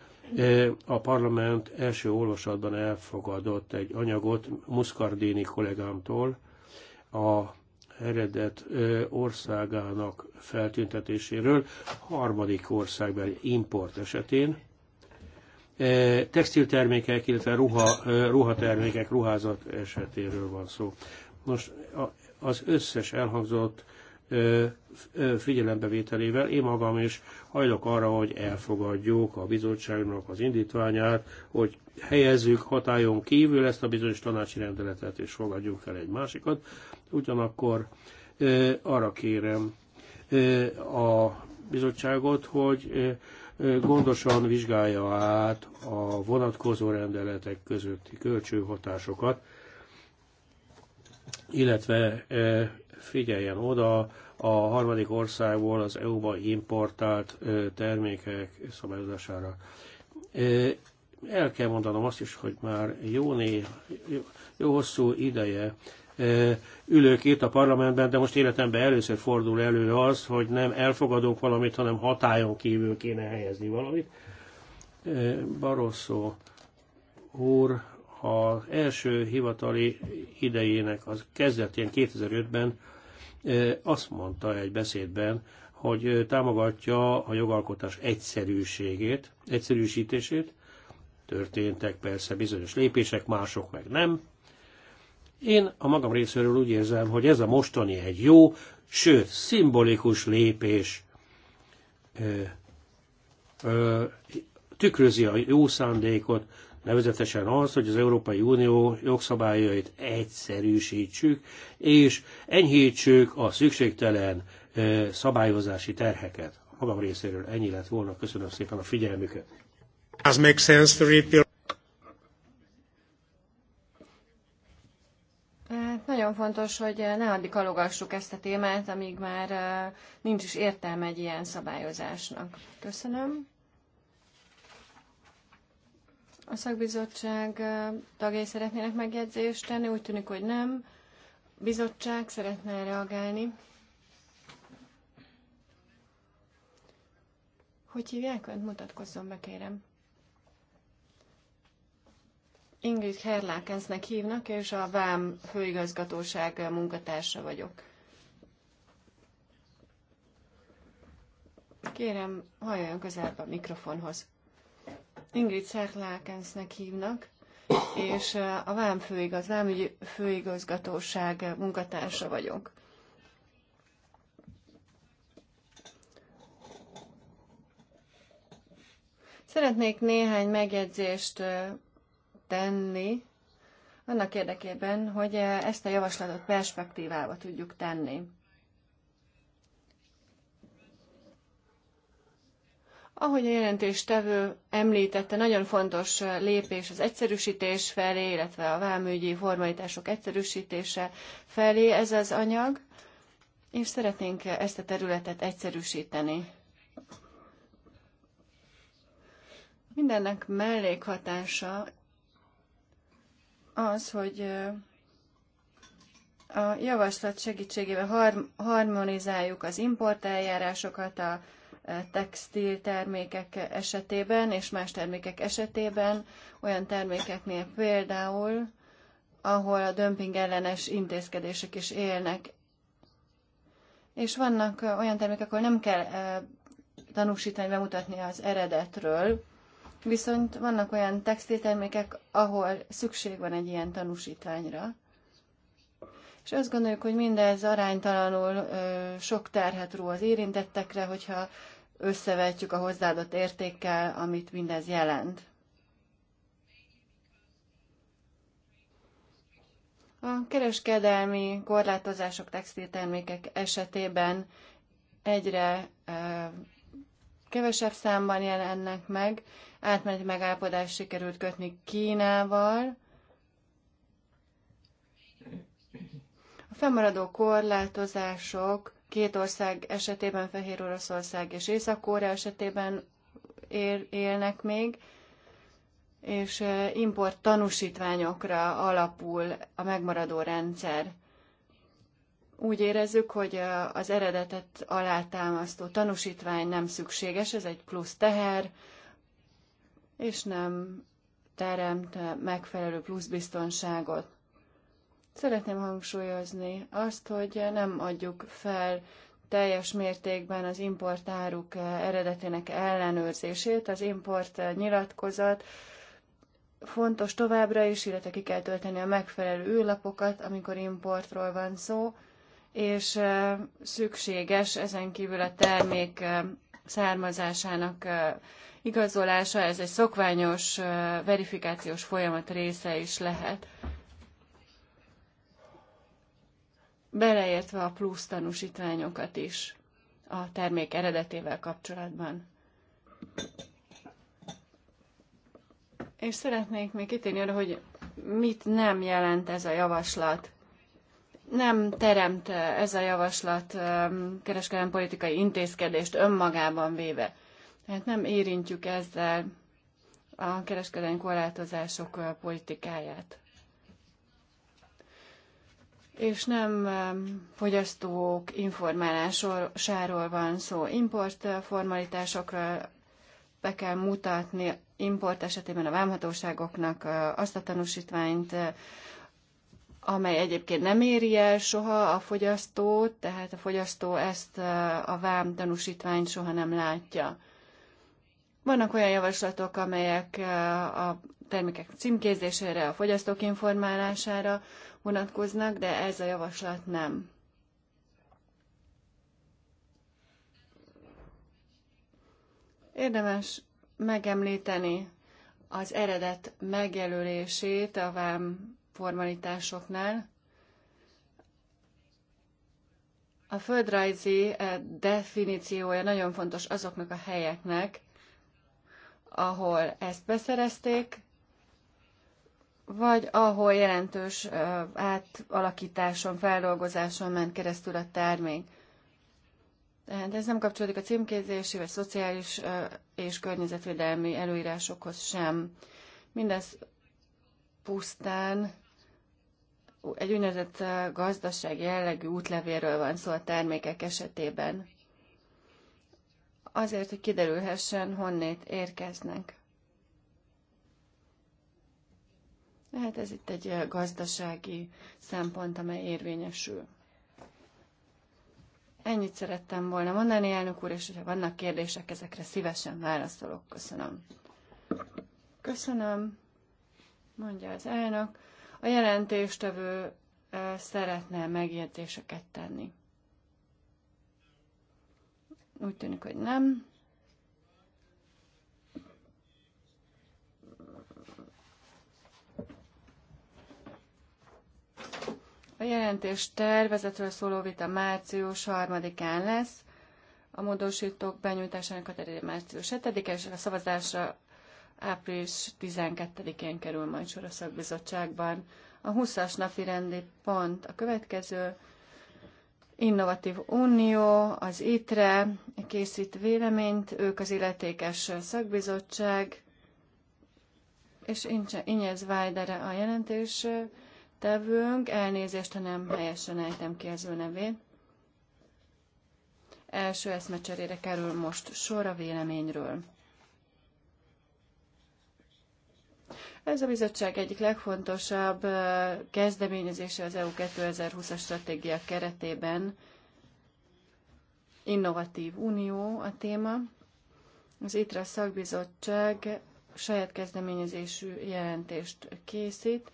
C: a parlament első olvasatban elfogadott egy anyagot Muscardini kollégámtól a eredet országának feltüntetéséről harmadik országbeli import esetén textiltermékek, illetve ruha, ruhatermékek, ruházat esetéről van szó. Most az összes elhangzott figyelembevételével én magam is hajlok arra, hogy elfogadjuk a bizottságnak az indítványát, hogy helyezzük hatályon kívül ezt a bizonyos tanácsi rendeletet, és fogadjunk fel egy másikat. Ugyanakkor arra kérem a bizottságot, hogy gondosan vizsgálja át a vonatkozó rendeletek közötti kölcsönhatásokat, illetve e, figyeljen oda a harmadik országból az EU-ba importált e, termékek szabályozására. E, el kell mondanom azt is, hogy már jó, né, jó, jó hosszú ideje ülök itt a parlamentben, de most életemben először fordul elő az, hogy nem elfogadunk valamit, hanem hatályon kívül kéne helyezni valamit. Barosszó úr az első hivatali idejének az kezdetén 2005-ben azt mondta egy beszédben, hogy támogatja a jogalkotás egyszerűségét, egyszerűsítését. Történtek persze bizonyos lépések, mások meg nem. Én a magam részéről úgy érzem, hogy ez a mostani egy jó, sőt, szimbolikus lépés ö, ö, tükrözi a jó szándékot, nevezetesen az, hogy az Európai Unió jogszabályait egyszerűsítsük, és enyhítsük a szükségtelen ö, szabályozási terheket. A magam részéről ennyi lett volna. Köszönöm szépen a figyelmüket.
A: sense to repeal?
D: nagyon fontos, hogy eh, ne addig alogassuk ezt a témát, amíg már eh, nincs is értelme egy ilyen szabályozásnak. Köszönöm. A szakbizottság eh, tagjai szeretnének megjegyzést tenni, úgy tűnik, hogy nem. A bizottság szeretne reagálni. Hogy hívják önt? Mutatkozzon be, kérem. Ingrid Herlákensznek hívnak, és a VÁM főigazgatóság munkatársa vagyok. Kérem, halljon közelebb a mikrofonhoz. Ingrid Herlákensznek hívnak, és a VÁM főigaz, VÁM főigazgatóság munkatársa vagyok. Szeretnék néhány megjegyzést tenni, annak érdekében, hogy eh, ezt a javaslatot perspektívába tudjuk tenni. Ahogy a jelentéstevő említette, nagyon fontos eh, lépés az egyszerűsítés felé, illetve a vámügyi formalitások egyszerűsítése felé ez az anyag, és szeretnénk eh, ezt a területet egyszerűsíteni. Mindennek mellékhatása az, hogy a javaslat segítségével harmonizáljuk az importeljárásokat a textil termékek esetében és más termékek esetében, olyan termékeknél például, ahol a dömping ellenes intézkedések is élnek. És vannak olyan termékek, ahol nem kell tanúsítani, bemutatni az eredetről, Viszont vannak olyan textiltermékek, ahol szükség van egy ilyen tanúsítványra. És azt gondoljuk, hogy mindez aránytalanul ö, sok terhet ró az érintettekre, hogyha összevetjük a hozzáadott értékkel, amit mindez jelent. A kereskedelmi korlátozások textiltermékek esetében egyre kevesebb számban jelennek meg. Átmeneti megállapodást sikerült kötni Kínával. A fennmaradó korlátozások két ország esetében, Fehér Oroszország és Észak-Korea esetében él, élnek még, és eh, import tanúsítványokra alapul a megmaradó rendszer úgy érezzük, hogy az eredetet alátámasztó tanúsítvány nem szükséges, ez egy plusz teher, és nem teremt megfelelő plusz biztonságot. Szeretném hangsúlyozni azt, hogy nem adjuk fel teljes mértékben az importáruk eredetének ellenőrzését. Az import nyilatkozat fontos továbbra is, illetve ki kell tölteni a megfelelő űrlapokat, amikor importról van szó, és szükséges ezen kívül a termék származásának igazolása, ez egy szokványos verifikációs folyamat része is lehet. Beleértve a plusz tanúsítványokat is a termék eredetével kapcsolatban. És szeretnék még kitérni arra, hogy mit nem jelent ez a javaslat nem teremt eh, ez a javaslat eh, kereskedelmi politikai intézkedést önmagában véve. Tehát nem érintjük ezzel a kereskedelmi korlátozások eh, politikáját. És nem fogyasztók informálásáról van szó, import formalitásokra be kell mutatni import esetében a vámhatóságoknak azt a tanúsítványt, amely egyébként nem éri el soha a fogyasztót, tehát a fogyasztó ezt a vám tanúsítványt soha nem látja. Vannak olyan javaslatok, amelyek a termékek címkézésére, a fogyasztók informálására vonatkoznak, de ez a javaslat nem. Érdemes megemlíteni az eredet megjelölését a vám formalitásoknál. A földrajzi eh, definíciója nagyon fontos azoknak a helyeknek, ahol ezt beszerezték, vagy ahol jelentős eh, átalakításon, feldolgozáson ment keresztül a termék. Tehát ez nem kapcsolódik a címkézési, vagy szociális eh, és környezetvédelmi előírásokhoz sem. Mindez pusztán egy úgynevezett gazdaság jellegű útlevéről van szó a termékek esetében. Azért, hogy kiderülhessen, honnét érkeznek. Tehát ez itt egy gazdasági szempont, amely érvényesül. Ennyit szerettem volna mondani, elnök úr, és hogyha vannak kérdések, ezekre szívesen válaszolok. Köszönöm. Köszönöm mondja az elnök. A jelentéstevő szeretne megjegyzéseket tenni. Úgy tűnik, hogy nem. A jelentés tervezetről szóló vita március 3-án lesz, a módosítók benyújtásának a március 7 -e, és a szavazásra április 12-én kerül majd sor a szakbizottságban. A 20-as napi rendi pont a következő. Innovatív Unió, az ITRE készít véleményt, ők az illetékes szakbizottság, és Inyez Vájdere a jelentés tevőnk, elnézést, ha nem helyesen ejtem ki az ő nevét. Első eszmecserére kerül most sor a véleményről. Ez a bizottság egyik legfontosabb kezdeményezése az EU 2020-as stratégia keretében. Innovatív unió a téma. Az ITRA szakbizottság saját kezdeményezésű jelentést készít,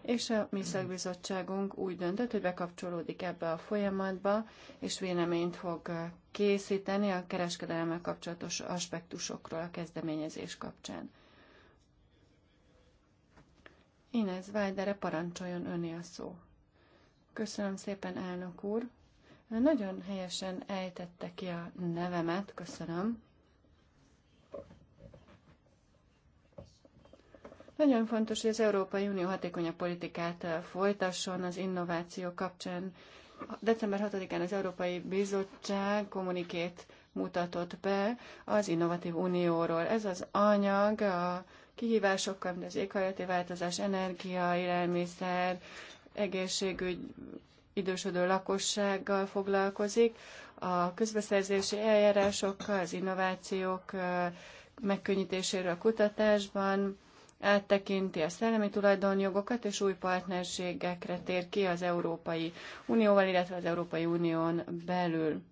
D: és a mi szakbizottságunk úgy döntött, hogy bekapcsolódik ebbe a folyamatba, és véleményt fog készíteni a kereskedelemmel kapcsolatos aspektusokról a kezdeményezés kapcsán. Inez Vájdere parancsoljon öné a szó. Köszönöm szépen, elnök úr. Nagyon helyesen ejtette ki a nevemet, köszönöm. Nagyon fontos, hogy az Európai Unió hatékonyabb politikát eh, folytasson az innováció kapcsán. December 6-án az Európai Bizottság kommunikét mutatott be az Innovatív Unióról. Ez az anyag a kihívásokkal, mint az éghajlati változás, energia, élelmiszer, egészségügy, idősödő lakossággal foglalkozik, a közbeszerzési eljárásokkal, az innovációk megkönnyítéséről a kutatásban, áttekinti a szellemi tulajdonjogokat, és új partnerségekre tér ki az Európai Unióval, illetve az Európai Unión belül.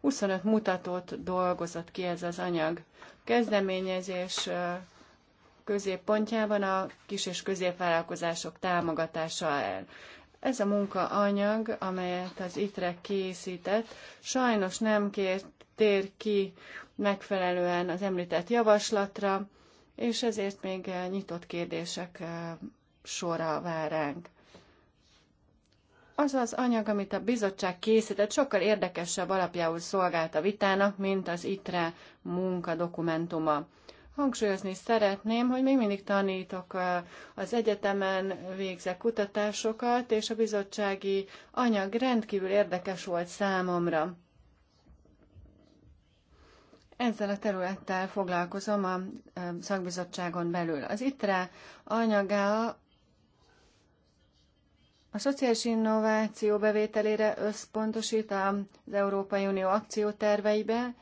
D: 25 mutatót dolgozott ki ez az anyag. Kezdeményezés középpontjában a kis- és középvállalkozások támogatása el. Ez a munkaanyag, amelyet az ITRE készített, sajnos nem kért, tér ki megfelelően az említett javaslatra, és ezért még nyitott kérdések sora vár ránk az az anyag, amit a bizottság készített, sokkal érdekesebb alapjául szolgált a vitának, mint az ITRE munka dokumentuma. Hangsúlyozni szeretném, hogy még mindig tanítok az egyetemen, végzek kutatásokat, és a bizottsági anyag rendkívül érdekes volt számomra. Ezzel a területtel foglalkozom a szakbizottságon belül. Az ITRE anyagá a szociális innováció bevételére összpontosít az Európai Unió akcióterveibe,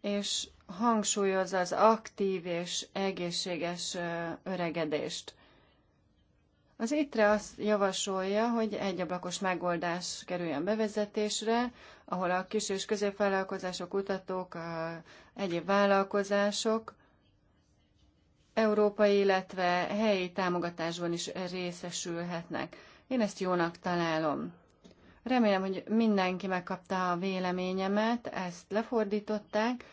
D: és hangsúlyozza az aktív és egészséges öregedést. Az ITRE azt javasolja, hogy egyablakos megoldás kerüljön bevezetésre, ahol a kis és középvállalkozások, kutatók, a egyéb vállalkozások európai, illetve helyi támogatásban is részesülhetnek. Én ezt jónak találom. Remélem, hogy mindenki megkapta a véleményemet, ezt lefordították,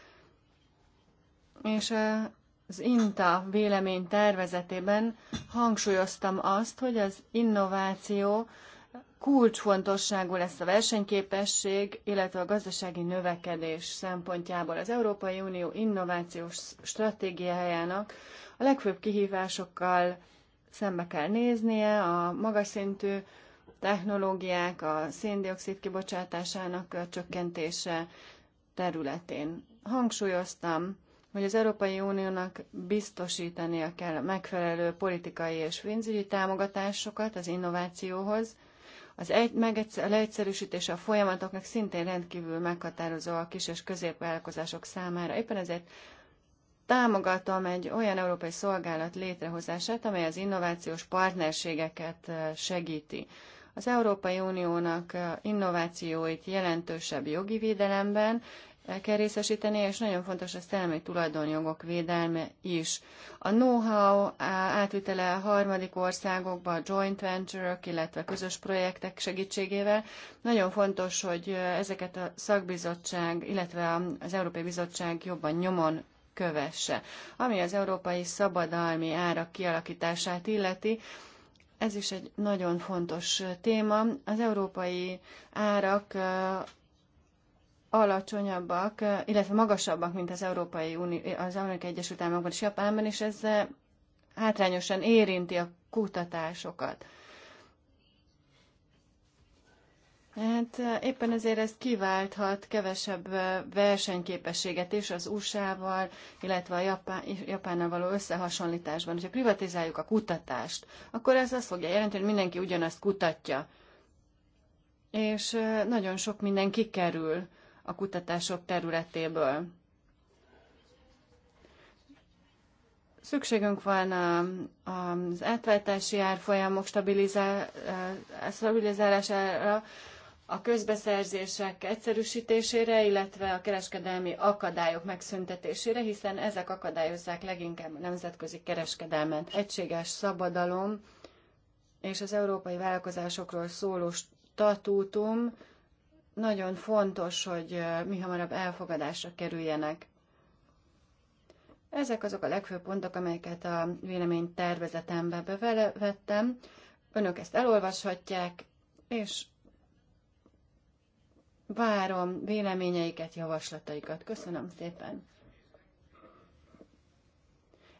D: és az INTA vélemény tervezetében hangsúlyoztam azt, hogy az innováció kulcsfontosságú lesz a versenyképesség, illetve a gazdasági növekedés szempontjából az Európai Unió innovációs stratégiájának a legfőbb kihívásokkal szembe kell néznie, a magas szintű technológiák a széndiokszid kibocsátásának csökkentése területén. Hangsúlyoztam, hogy az Európai Uniónak biztosítania kell megfelelő politikai és pénzügyi támogatásokat az innovációhoz, az egy, megegyszer, leegyszerűsítése a folyamatoknak szintén rendkívül meghatározó a kis és középvállalkozások számára. Éppen ezért támogatom egy olyan európai szolgálat létrehozását, amely az innovációs partnerségeket segíti. Az Európai Uniónak innovációit jelentősebb jogi védelemben kell részesíteni, és nagyon fontos a szellemi tulajdonjogok védelme is. A know-how átvitele a harmadik országokba, a joint venture illetve közös projektek segítségével. Nagyon fontos, hogy ezeket a szakbizottság, illetve az Európai Bizottság jobban nyomon kövesse. Ami az európai szabadalmi árak kialakítását illeti, ez is egy nagyon fontos téma. Az európai árak alacsonyabbak, illetve magasabbak, mint az Európai Unió, az Amerikai Egyesült Államokban és Japánban, és ez hátrányosan érinti a kutatásokat. Hát eh, éppen ezért ez kiválthat kevesebb eh, versenyképességet is az USA-val, illetve a Japánnal való összehasonlításban. Ha privatizáljuk a kutatást, akkor ez azt fogja jelenteni, hogy mindenki ugyanazt kutatja. És eh, nagyon sok minden kikerül a kutatások területéből. Szükségünk van az átváltási árfolyamok stabilizál, stabilizálására, a közbeszerzések egyszerűsítésére, illetve a kereskedelmi akadályok megszüntetésére, hiszen ezek akadályozzák leginkább a nemzetközi kereskedelmet. Egységes szabadalom és az európai vállalkozásokról szóló statútum nagyon fontos, hogy mi hamarabb elfogadásra kerüljenek. Ezek azok a legfőbb pontok, amelyeket a vélemény tervezetembe bevettem. Önök ezt elolvashatják, és Várom véleményeiket, javaslataikat. Köszönöm szépen.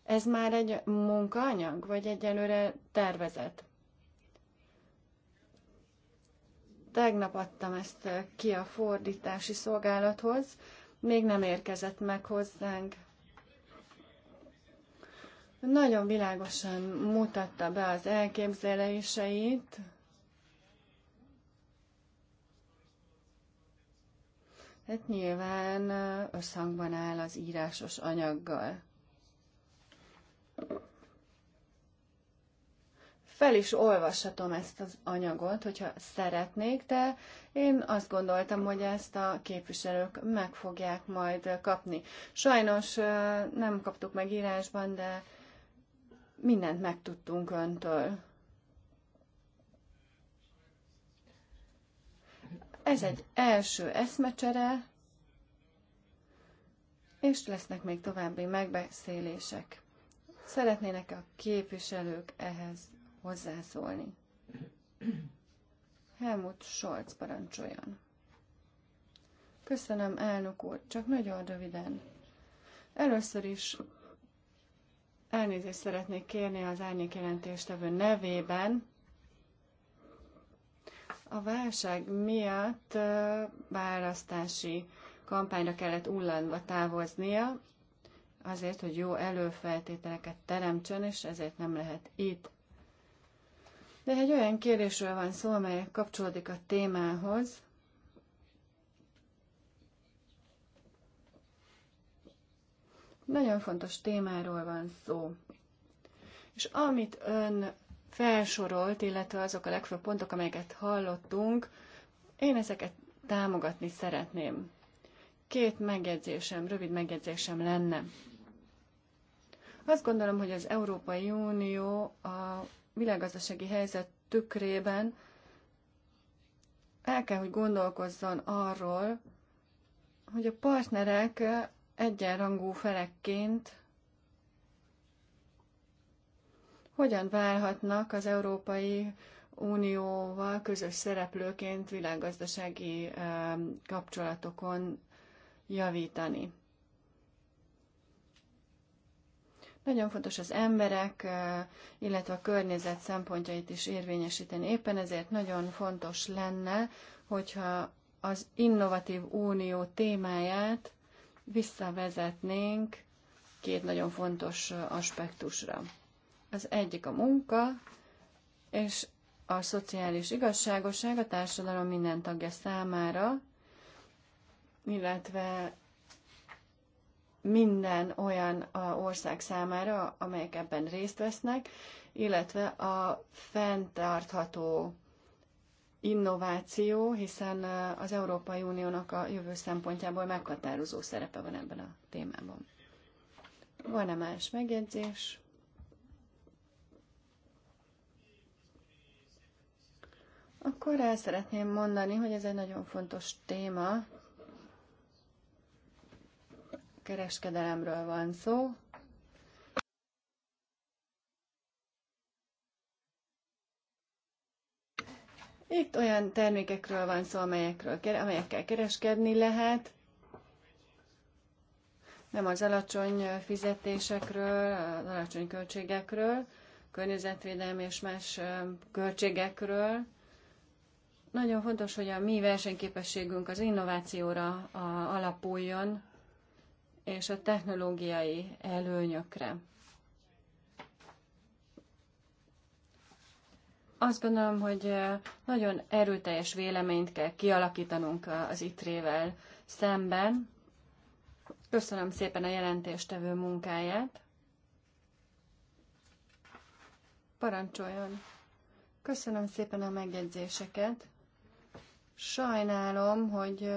D: Ez már egy munkaanyag, vagy egyelőre tervezet? Tegnap adtam ezt ki a fordítási szolgálathoz, még nem érkezett meg hozzánk. Nagyon világosan mutatta be az elképzeléseit, Hát nyilván összhangban áll az írásos anyaggal. fel is olvashatom ezt az anyagot, hogyha szeretnék, de én azt gondoltam, hogy ezt a képviselők meg fogják majd kapni. Sajnos nem kaptuk meg írásban, de mindent megtudtunk öntől. Ez egy első eszmecsere, és lesznek még további megbeszélések. Szeretnének a képviselők ehhez hozzászólni. Helmut Scholz parancsoljon. Köszönöm, elnök úr, csak nagyon röviden. Először is elnézést szeretnék kérni az jelentéstevő nevében, a válság miatt választási kampányra kellett ullanva távoznia, azért, hogy jó előfeltételeket teremtsön, és ezért nem lehet itt. De egy olyan kérdésről van szó, amely kapcsolódik a témához, Nagyon fontos témáról van szó. És amit ön felsorolt, illetve azok a legfőbb pontok, amelyeket hallottunk, én ezeket támogatni szeretném. Két megjegyzésem, rövid megjegyzésem lenne. Azt gondolom, hogy az Európai Unió a világgazdasági helyzet tükrében el kell, hogy gondolkozzon arról, hogy a partnerek egyenrangú felekként hogyan válhatnak az Európai Unióval közös szereplőként világgazdasági kapcsolatokon javítani. Nagyon fontos az emberek, illetve a környezet szempontjait is érvényesíteni. Éppen ezért nagyon fontos lenne, hogyha az innovatív unió témáját visszavezetnénk két nagyon fontos aspektusra. Az egyik a munka, és a szociális igazságosság a társadalom minden tagja számára, illetve minden olyan ország számára, amelyek ebben részt vesznek, illetve a fenntartható innováció, hiszen az Európai Uniónak a jövő szempontjából meghatározó szerepe van ebben a témában. Van-e más megjegyzés? akkor el szeretném mondani, hogy ez egy nagyon fontos téma. Kereskedelemről van szó, Itt olyan termékekről van szó, amelyekről, amelyekkel kereskedni lehet. Nem az alacsony fizetésekről, az alacsony költségekről, környezetvédelmi és más költségekről, nagyon fontos, hogy a mi versenyképességünk az innovációra alapuljon, és a technológiai előnyökre. Azt gondolom, hogy nagyon erőteljes véleményt kell kialakítanunk az ITRÉ-vel szemben. Köszönöm szépen a jelentéstevő munkáját. Parancsoljon! Köszönöm szépen a megjegyzéseket. Sajnálom, hogy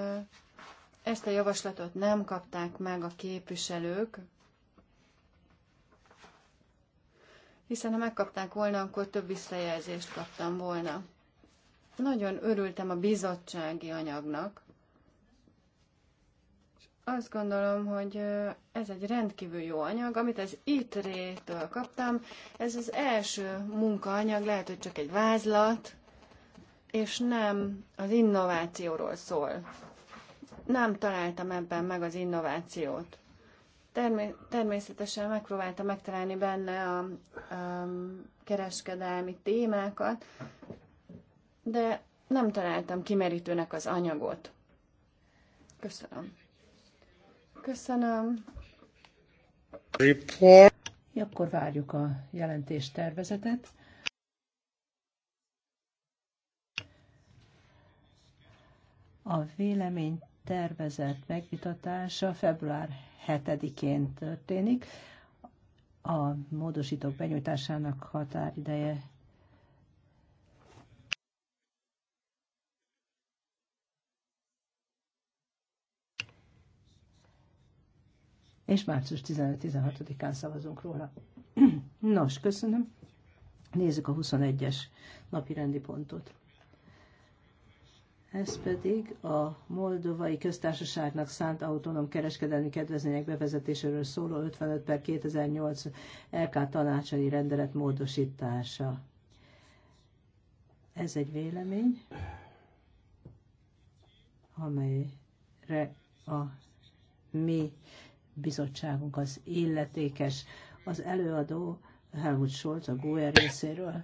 D: ezt a javaslatot nem kapták meg a képviselők, hiszen ha megkapták volna, akkor több visszajelzést kaptam volna. Nagyon örültem a bizottsági anyagnak, és azt gondolom, hogy ez egy rendkívül jó anyag, amit az itt től kaptam. Ez az első munkaanyag, lehet, hogy csak egy vázlat, és nem az innovációról szól. Nem találtam ebben meg az innovációt. Termé- természetesen megpróbáltam megtalálni benne a, a kereskedelmi témákat, de nem találtam kimerítőnek az anyagot. Köszönöm. Köszönöm.
B: Report. akkor várjuk a jelentés tervezetet. A vélemény tervezett megvitatása február 7-én történik. A módosítók benyújtásának határideje és március 15-16-án szavazunk róla. Nos, köszönöm. Nézzük a 21-es napi rendi pontot. Ez pedig a Moldovai Köztársaságnak szánt autonóm kereskedelmi kedvezmények bevezetéséről szóló 55 per 2008 LK tanácsai rendelet módosítása. Ez egy vélemény, amelyre a mi bizottságunk az illetékes. Az előadó Helmut Scholz a GUE részéről.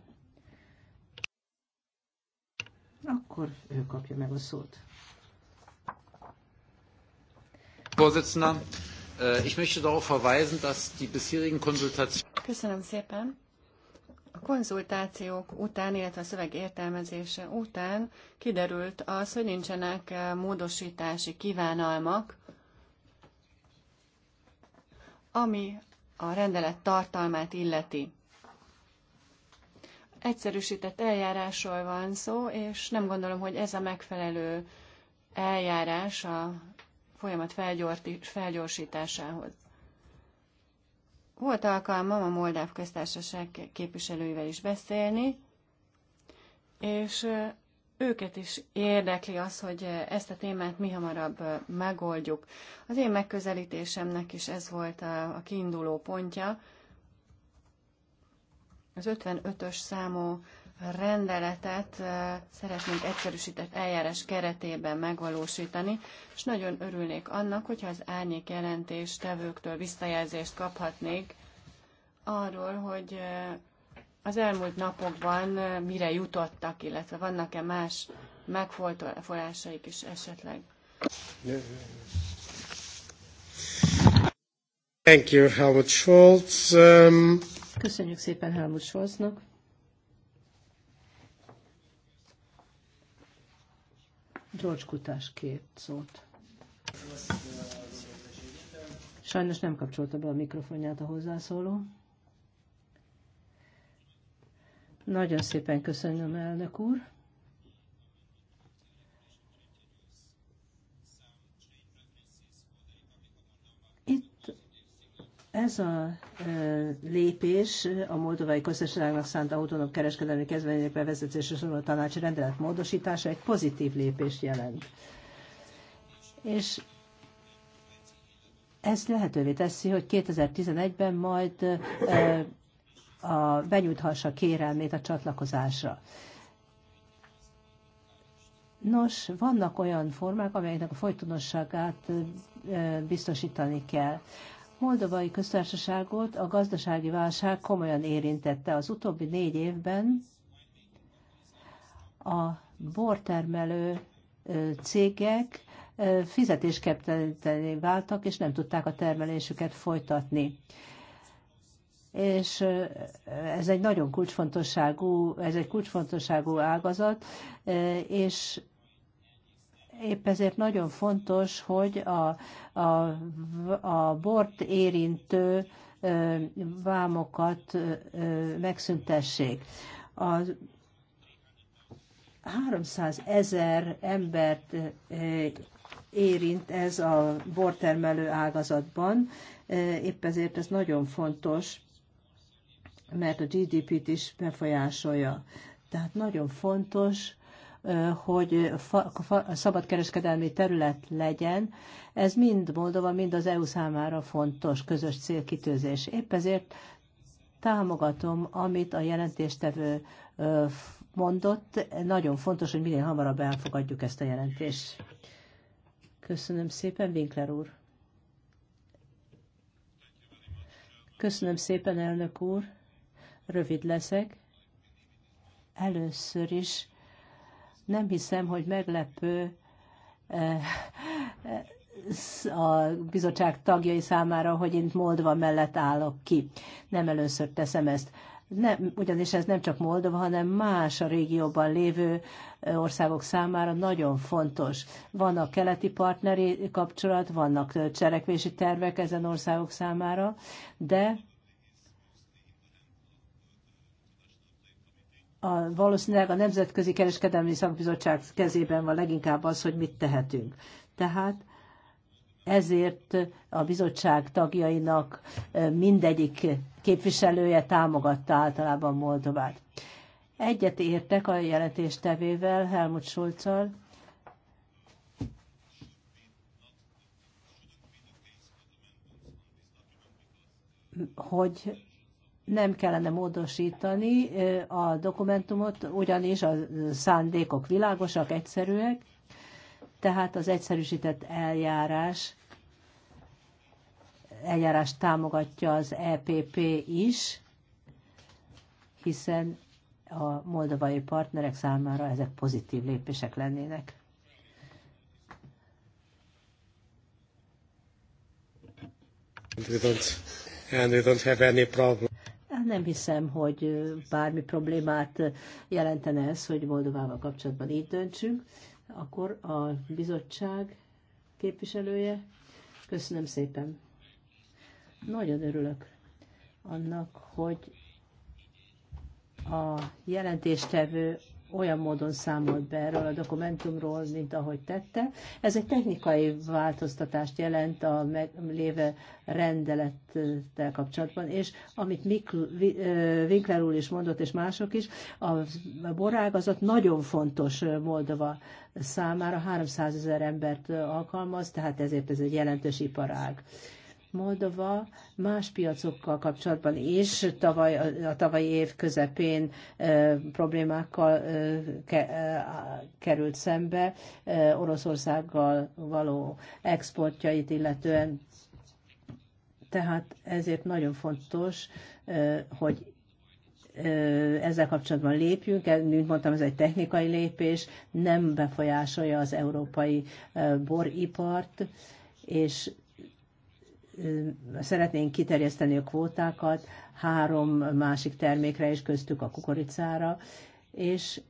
B: Akkor ő kapja meg a szót.
A: Vorsitzender, äh, ich möchte darauf verweisen, dass die bisherigen Konsultationen.
D: Köszönöm szépen. A konzultációk után, illetve a szöveg értelmezése után kiderült az, hogy nincsenek äh, módosítási kívánalmak, ami a rendelet tartalmát illeti egyszerűsített eljárásról van szó, és nem gondolom, hogy ez a megfelelő eljárás a folyamat felgyorsításához. Volt alkalmam a Moldáv köztársaság képviselőivel is beszélni, és őket is érdekli az, hogy ezt a témát mi hamarabb megoldjuk. Az én megközelítésemnek is ez volt a, a kiinduló pontja, az 55-ös számú rendeletet szeretnénk egyszerűsített eljárás keretében megvalósítani, és nagyon örülnék annak, hogyha az árnyék jelentés tevőktől visszajelzést kaphatnék arról, hogy az elmúlt napokban mire jutottak, illetve vannak-e más megfoltolásaik is esetleg.
A: Thank you, Helmut Schultz. Um...
B: Köszönjük szépen
A: Helmut Scholznak.
B: George Kutás két szót. Sajnos nem kapcsolta be a mikrofonját a hozzászóló. Nagyon szépen köszönöm, elnök úr. Ez a lépés a moldovai közösségnek szánt autonóm kereskedelmi kezdemények bevezetése szóló a tanácsi rendelet módosítása egy pozitív lépést jelent. És ez lehetővé teszi, hogy 2011-ben majd a, benyújthassa kérelmét a csatlakozásra. Nos, vannak olyan formák, amelyeknek a folytonosságát biztosítani kell. Moldovai köztársaságot a gazdasági válság komolyan érintette. Az utóbbi négy évben a bortermelő cégek fizetésképtelené váltak, és nem tudták a termelésüket folytatni. És ez egy nagyon kulcsfontosságú, ez egy kulcsfontosságú ágazat, és épp ezért nagyon fontos, hogy a, a, a bort érintő vámokat megszüntessék. A 300 ezer embert érint ez a bortermelő ágazatban, épp ezért ez nagyon fontos, mert a GDP-t is befolyásolja. Tehát nagyon fontos, hogy szabadkereskedelmi terület legyen. Ez mind Moldova, mind az EU számára fontos közös célkitűzés. Épp ezért támogatom, amit a jelentéstevő mondott. Nagyon fontos, hogy minél hamarabb elfogadjuk ezt a jelentést. Köszönöm szépen, Winkler úr. Köszönöm szépen, elnök úr. Rövid leszek. Először is nem hiszem, hogy meglepő eh, a bizottság tagjai számára, hogy én Moldova mellett állok ki. Nem először teszem ezt. Nem, ugyanis ez nem csak Moldova, hanem más a régióban lévő eh, országok számára nagyon fontos. van a keleti partneri kapcsolat, vannak eh, cselekvési tervek ezen országok számára, de a, valószínűleg a Nemzetközi Kereskedelmi Szakbizottság kezében van leginkább az, hogy mit tehetünk. Tehát ezért a bizottság tagjainak mindegyik képviselője támogatta általában Moldovát. Egyet értek a jelentéstevével, Helmut Schulzal, hogy nem kellene módosítani a dokumentumot, ugyanis a szándékok világosak, egyszerűek, tehát az egyszerűsített eljárás eljárást támogatja az EPP is, hiszen a moldovai partnerek számára ezek pozitív lépések lennének.
A: We don't, and we don't have any problem
B: nem hiszem, hogy bármi problémát jelentene ez, hogy Moldovával kapcsolatban így döntsünk. Akkor a bizottság képviselője. Köszönöm szépen. Nagyon örülök annak, hogy a jelentéstevő olyan módon számolt be erről a dokumentumról, mint ahogy tette. Ez egy technikai változtatást jelent a léve rendelettel kapcsolatban, és amit Mikl, Winkler úr is mondott, és mások is, a borágazat nagyon fontos Moldova számára, 300 ezer embert alkalmaz, tehát ezért ez egy jelentős iparág. Moldova más piacokkal kapcsolatban is tavaly, a tavalyi év közepén e, problémákkal e, ke, e, került szembe, e, Oroszországgal való exportjait illetően. Tehát ezért nagyon fontos, e, hogy ezzel kapcsolatban lépjünk, mint mondtam, ez egy technikai lépés, nem befolyásolja az európai boripart, és szeretnénk kiterjeszteni a kvótákat három másik termékre is, köztük a kukoricára, és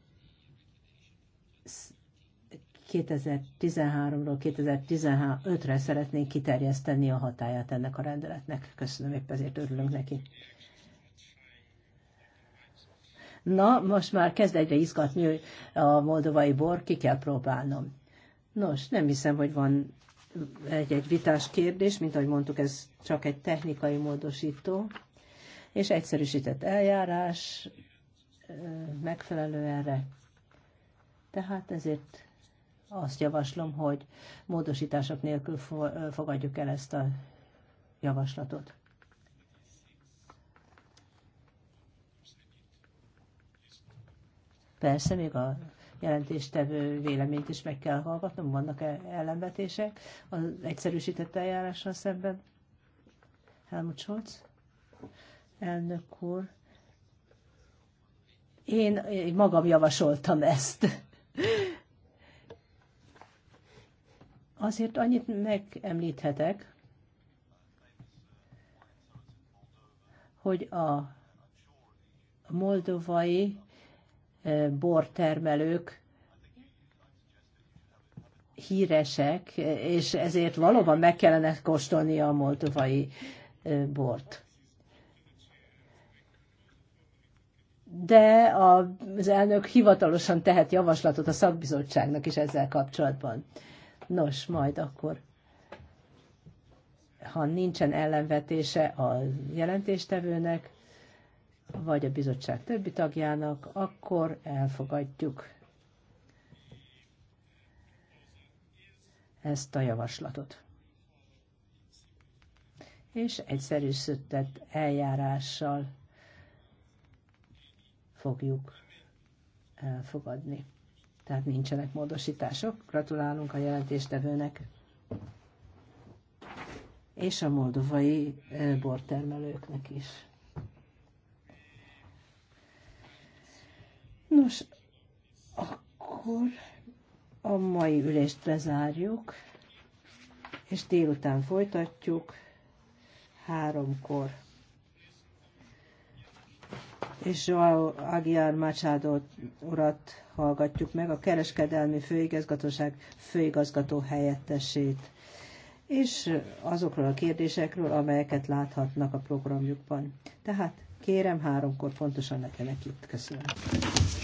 B: 2013-ról 2015-re szeretnénk kiterjeszteni a hatáját ennek a rendeletnek. Köszönöm, épp ezért örülünk neki. Na, most már kezd egyre izgatni a moldovai bor, ki kell próbálnom. Nos, nem hiszem, hogy van egy-egy vitás kérdés, mint ahogy mondtuk, ez csak egy technikai módosító, és egyszerűsített eljárás megfelelő erre. Tehát ezért azt javaslom, hogy módosítások nélkül fogadjuk el ezt a javaslatot. Persze, még a jelentéstevő véleményt is meg kell hallgatnom, vannak -e ellenvetések az egyszerűsített eljárással szemben. Helmut Scholz, elnök úr, én, én magam javasoltam ezt. Azért annyit megemlíthetek, hogy a moldovai bortermelők híresek, és ezért valóban meg kellene kóstolni a moldovai bort. De az elnök hivatalosan tehet javaslatot a szakbizottságnak is ezzel kapcsolatban. Nos, majd akkor, ha nincsen ellenvetése a jelentéstevőnek, vagy a bizottság többi tagjának, akkor elfogadjuk ezt a javaslatot. És szüttet eljárással fogjuk elfogadni. Tehát nincsenek módosítások. Gratulálunk a jelentéstevőnek és a moldovai eh, bortermelőknek is. Nos, akkor a mai ülést bezárjuk, és délután folytatjuk háromkor. És Joao Aguiar Machado urat hallgatjuk meg, a kereskedelmi főigazgatóság főigazgató helyettesét, és azokról a kérdésekről, amelyeket láthatnak a programjukban. Tehát kérem, háromkor pontosan legyenek itt. Köszönöm.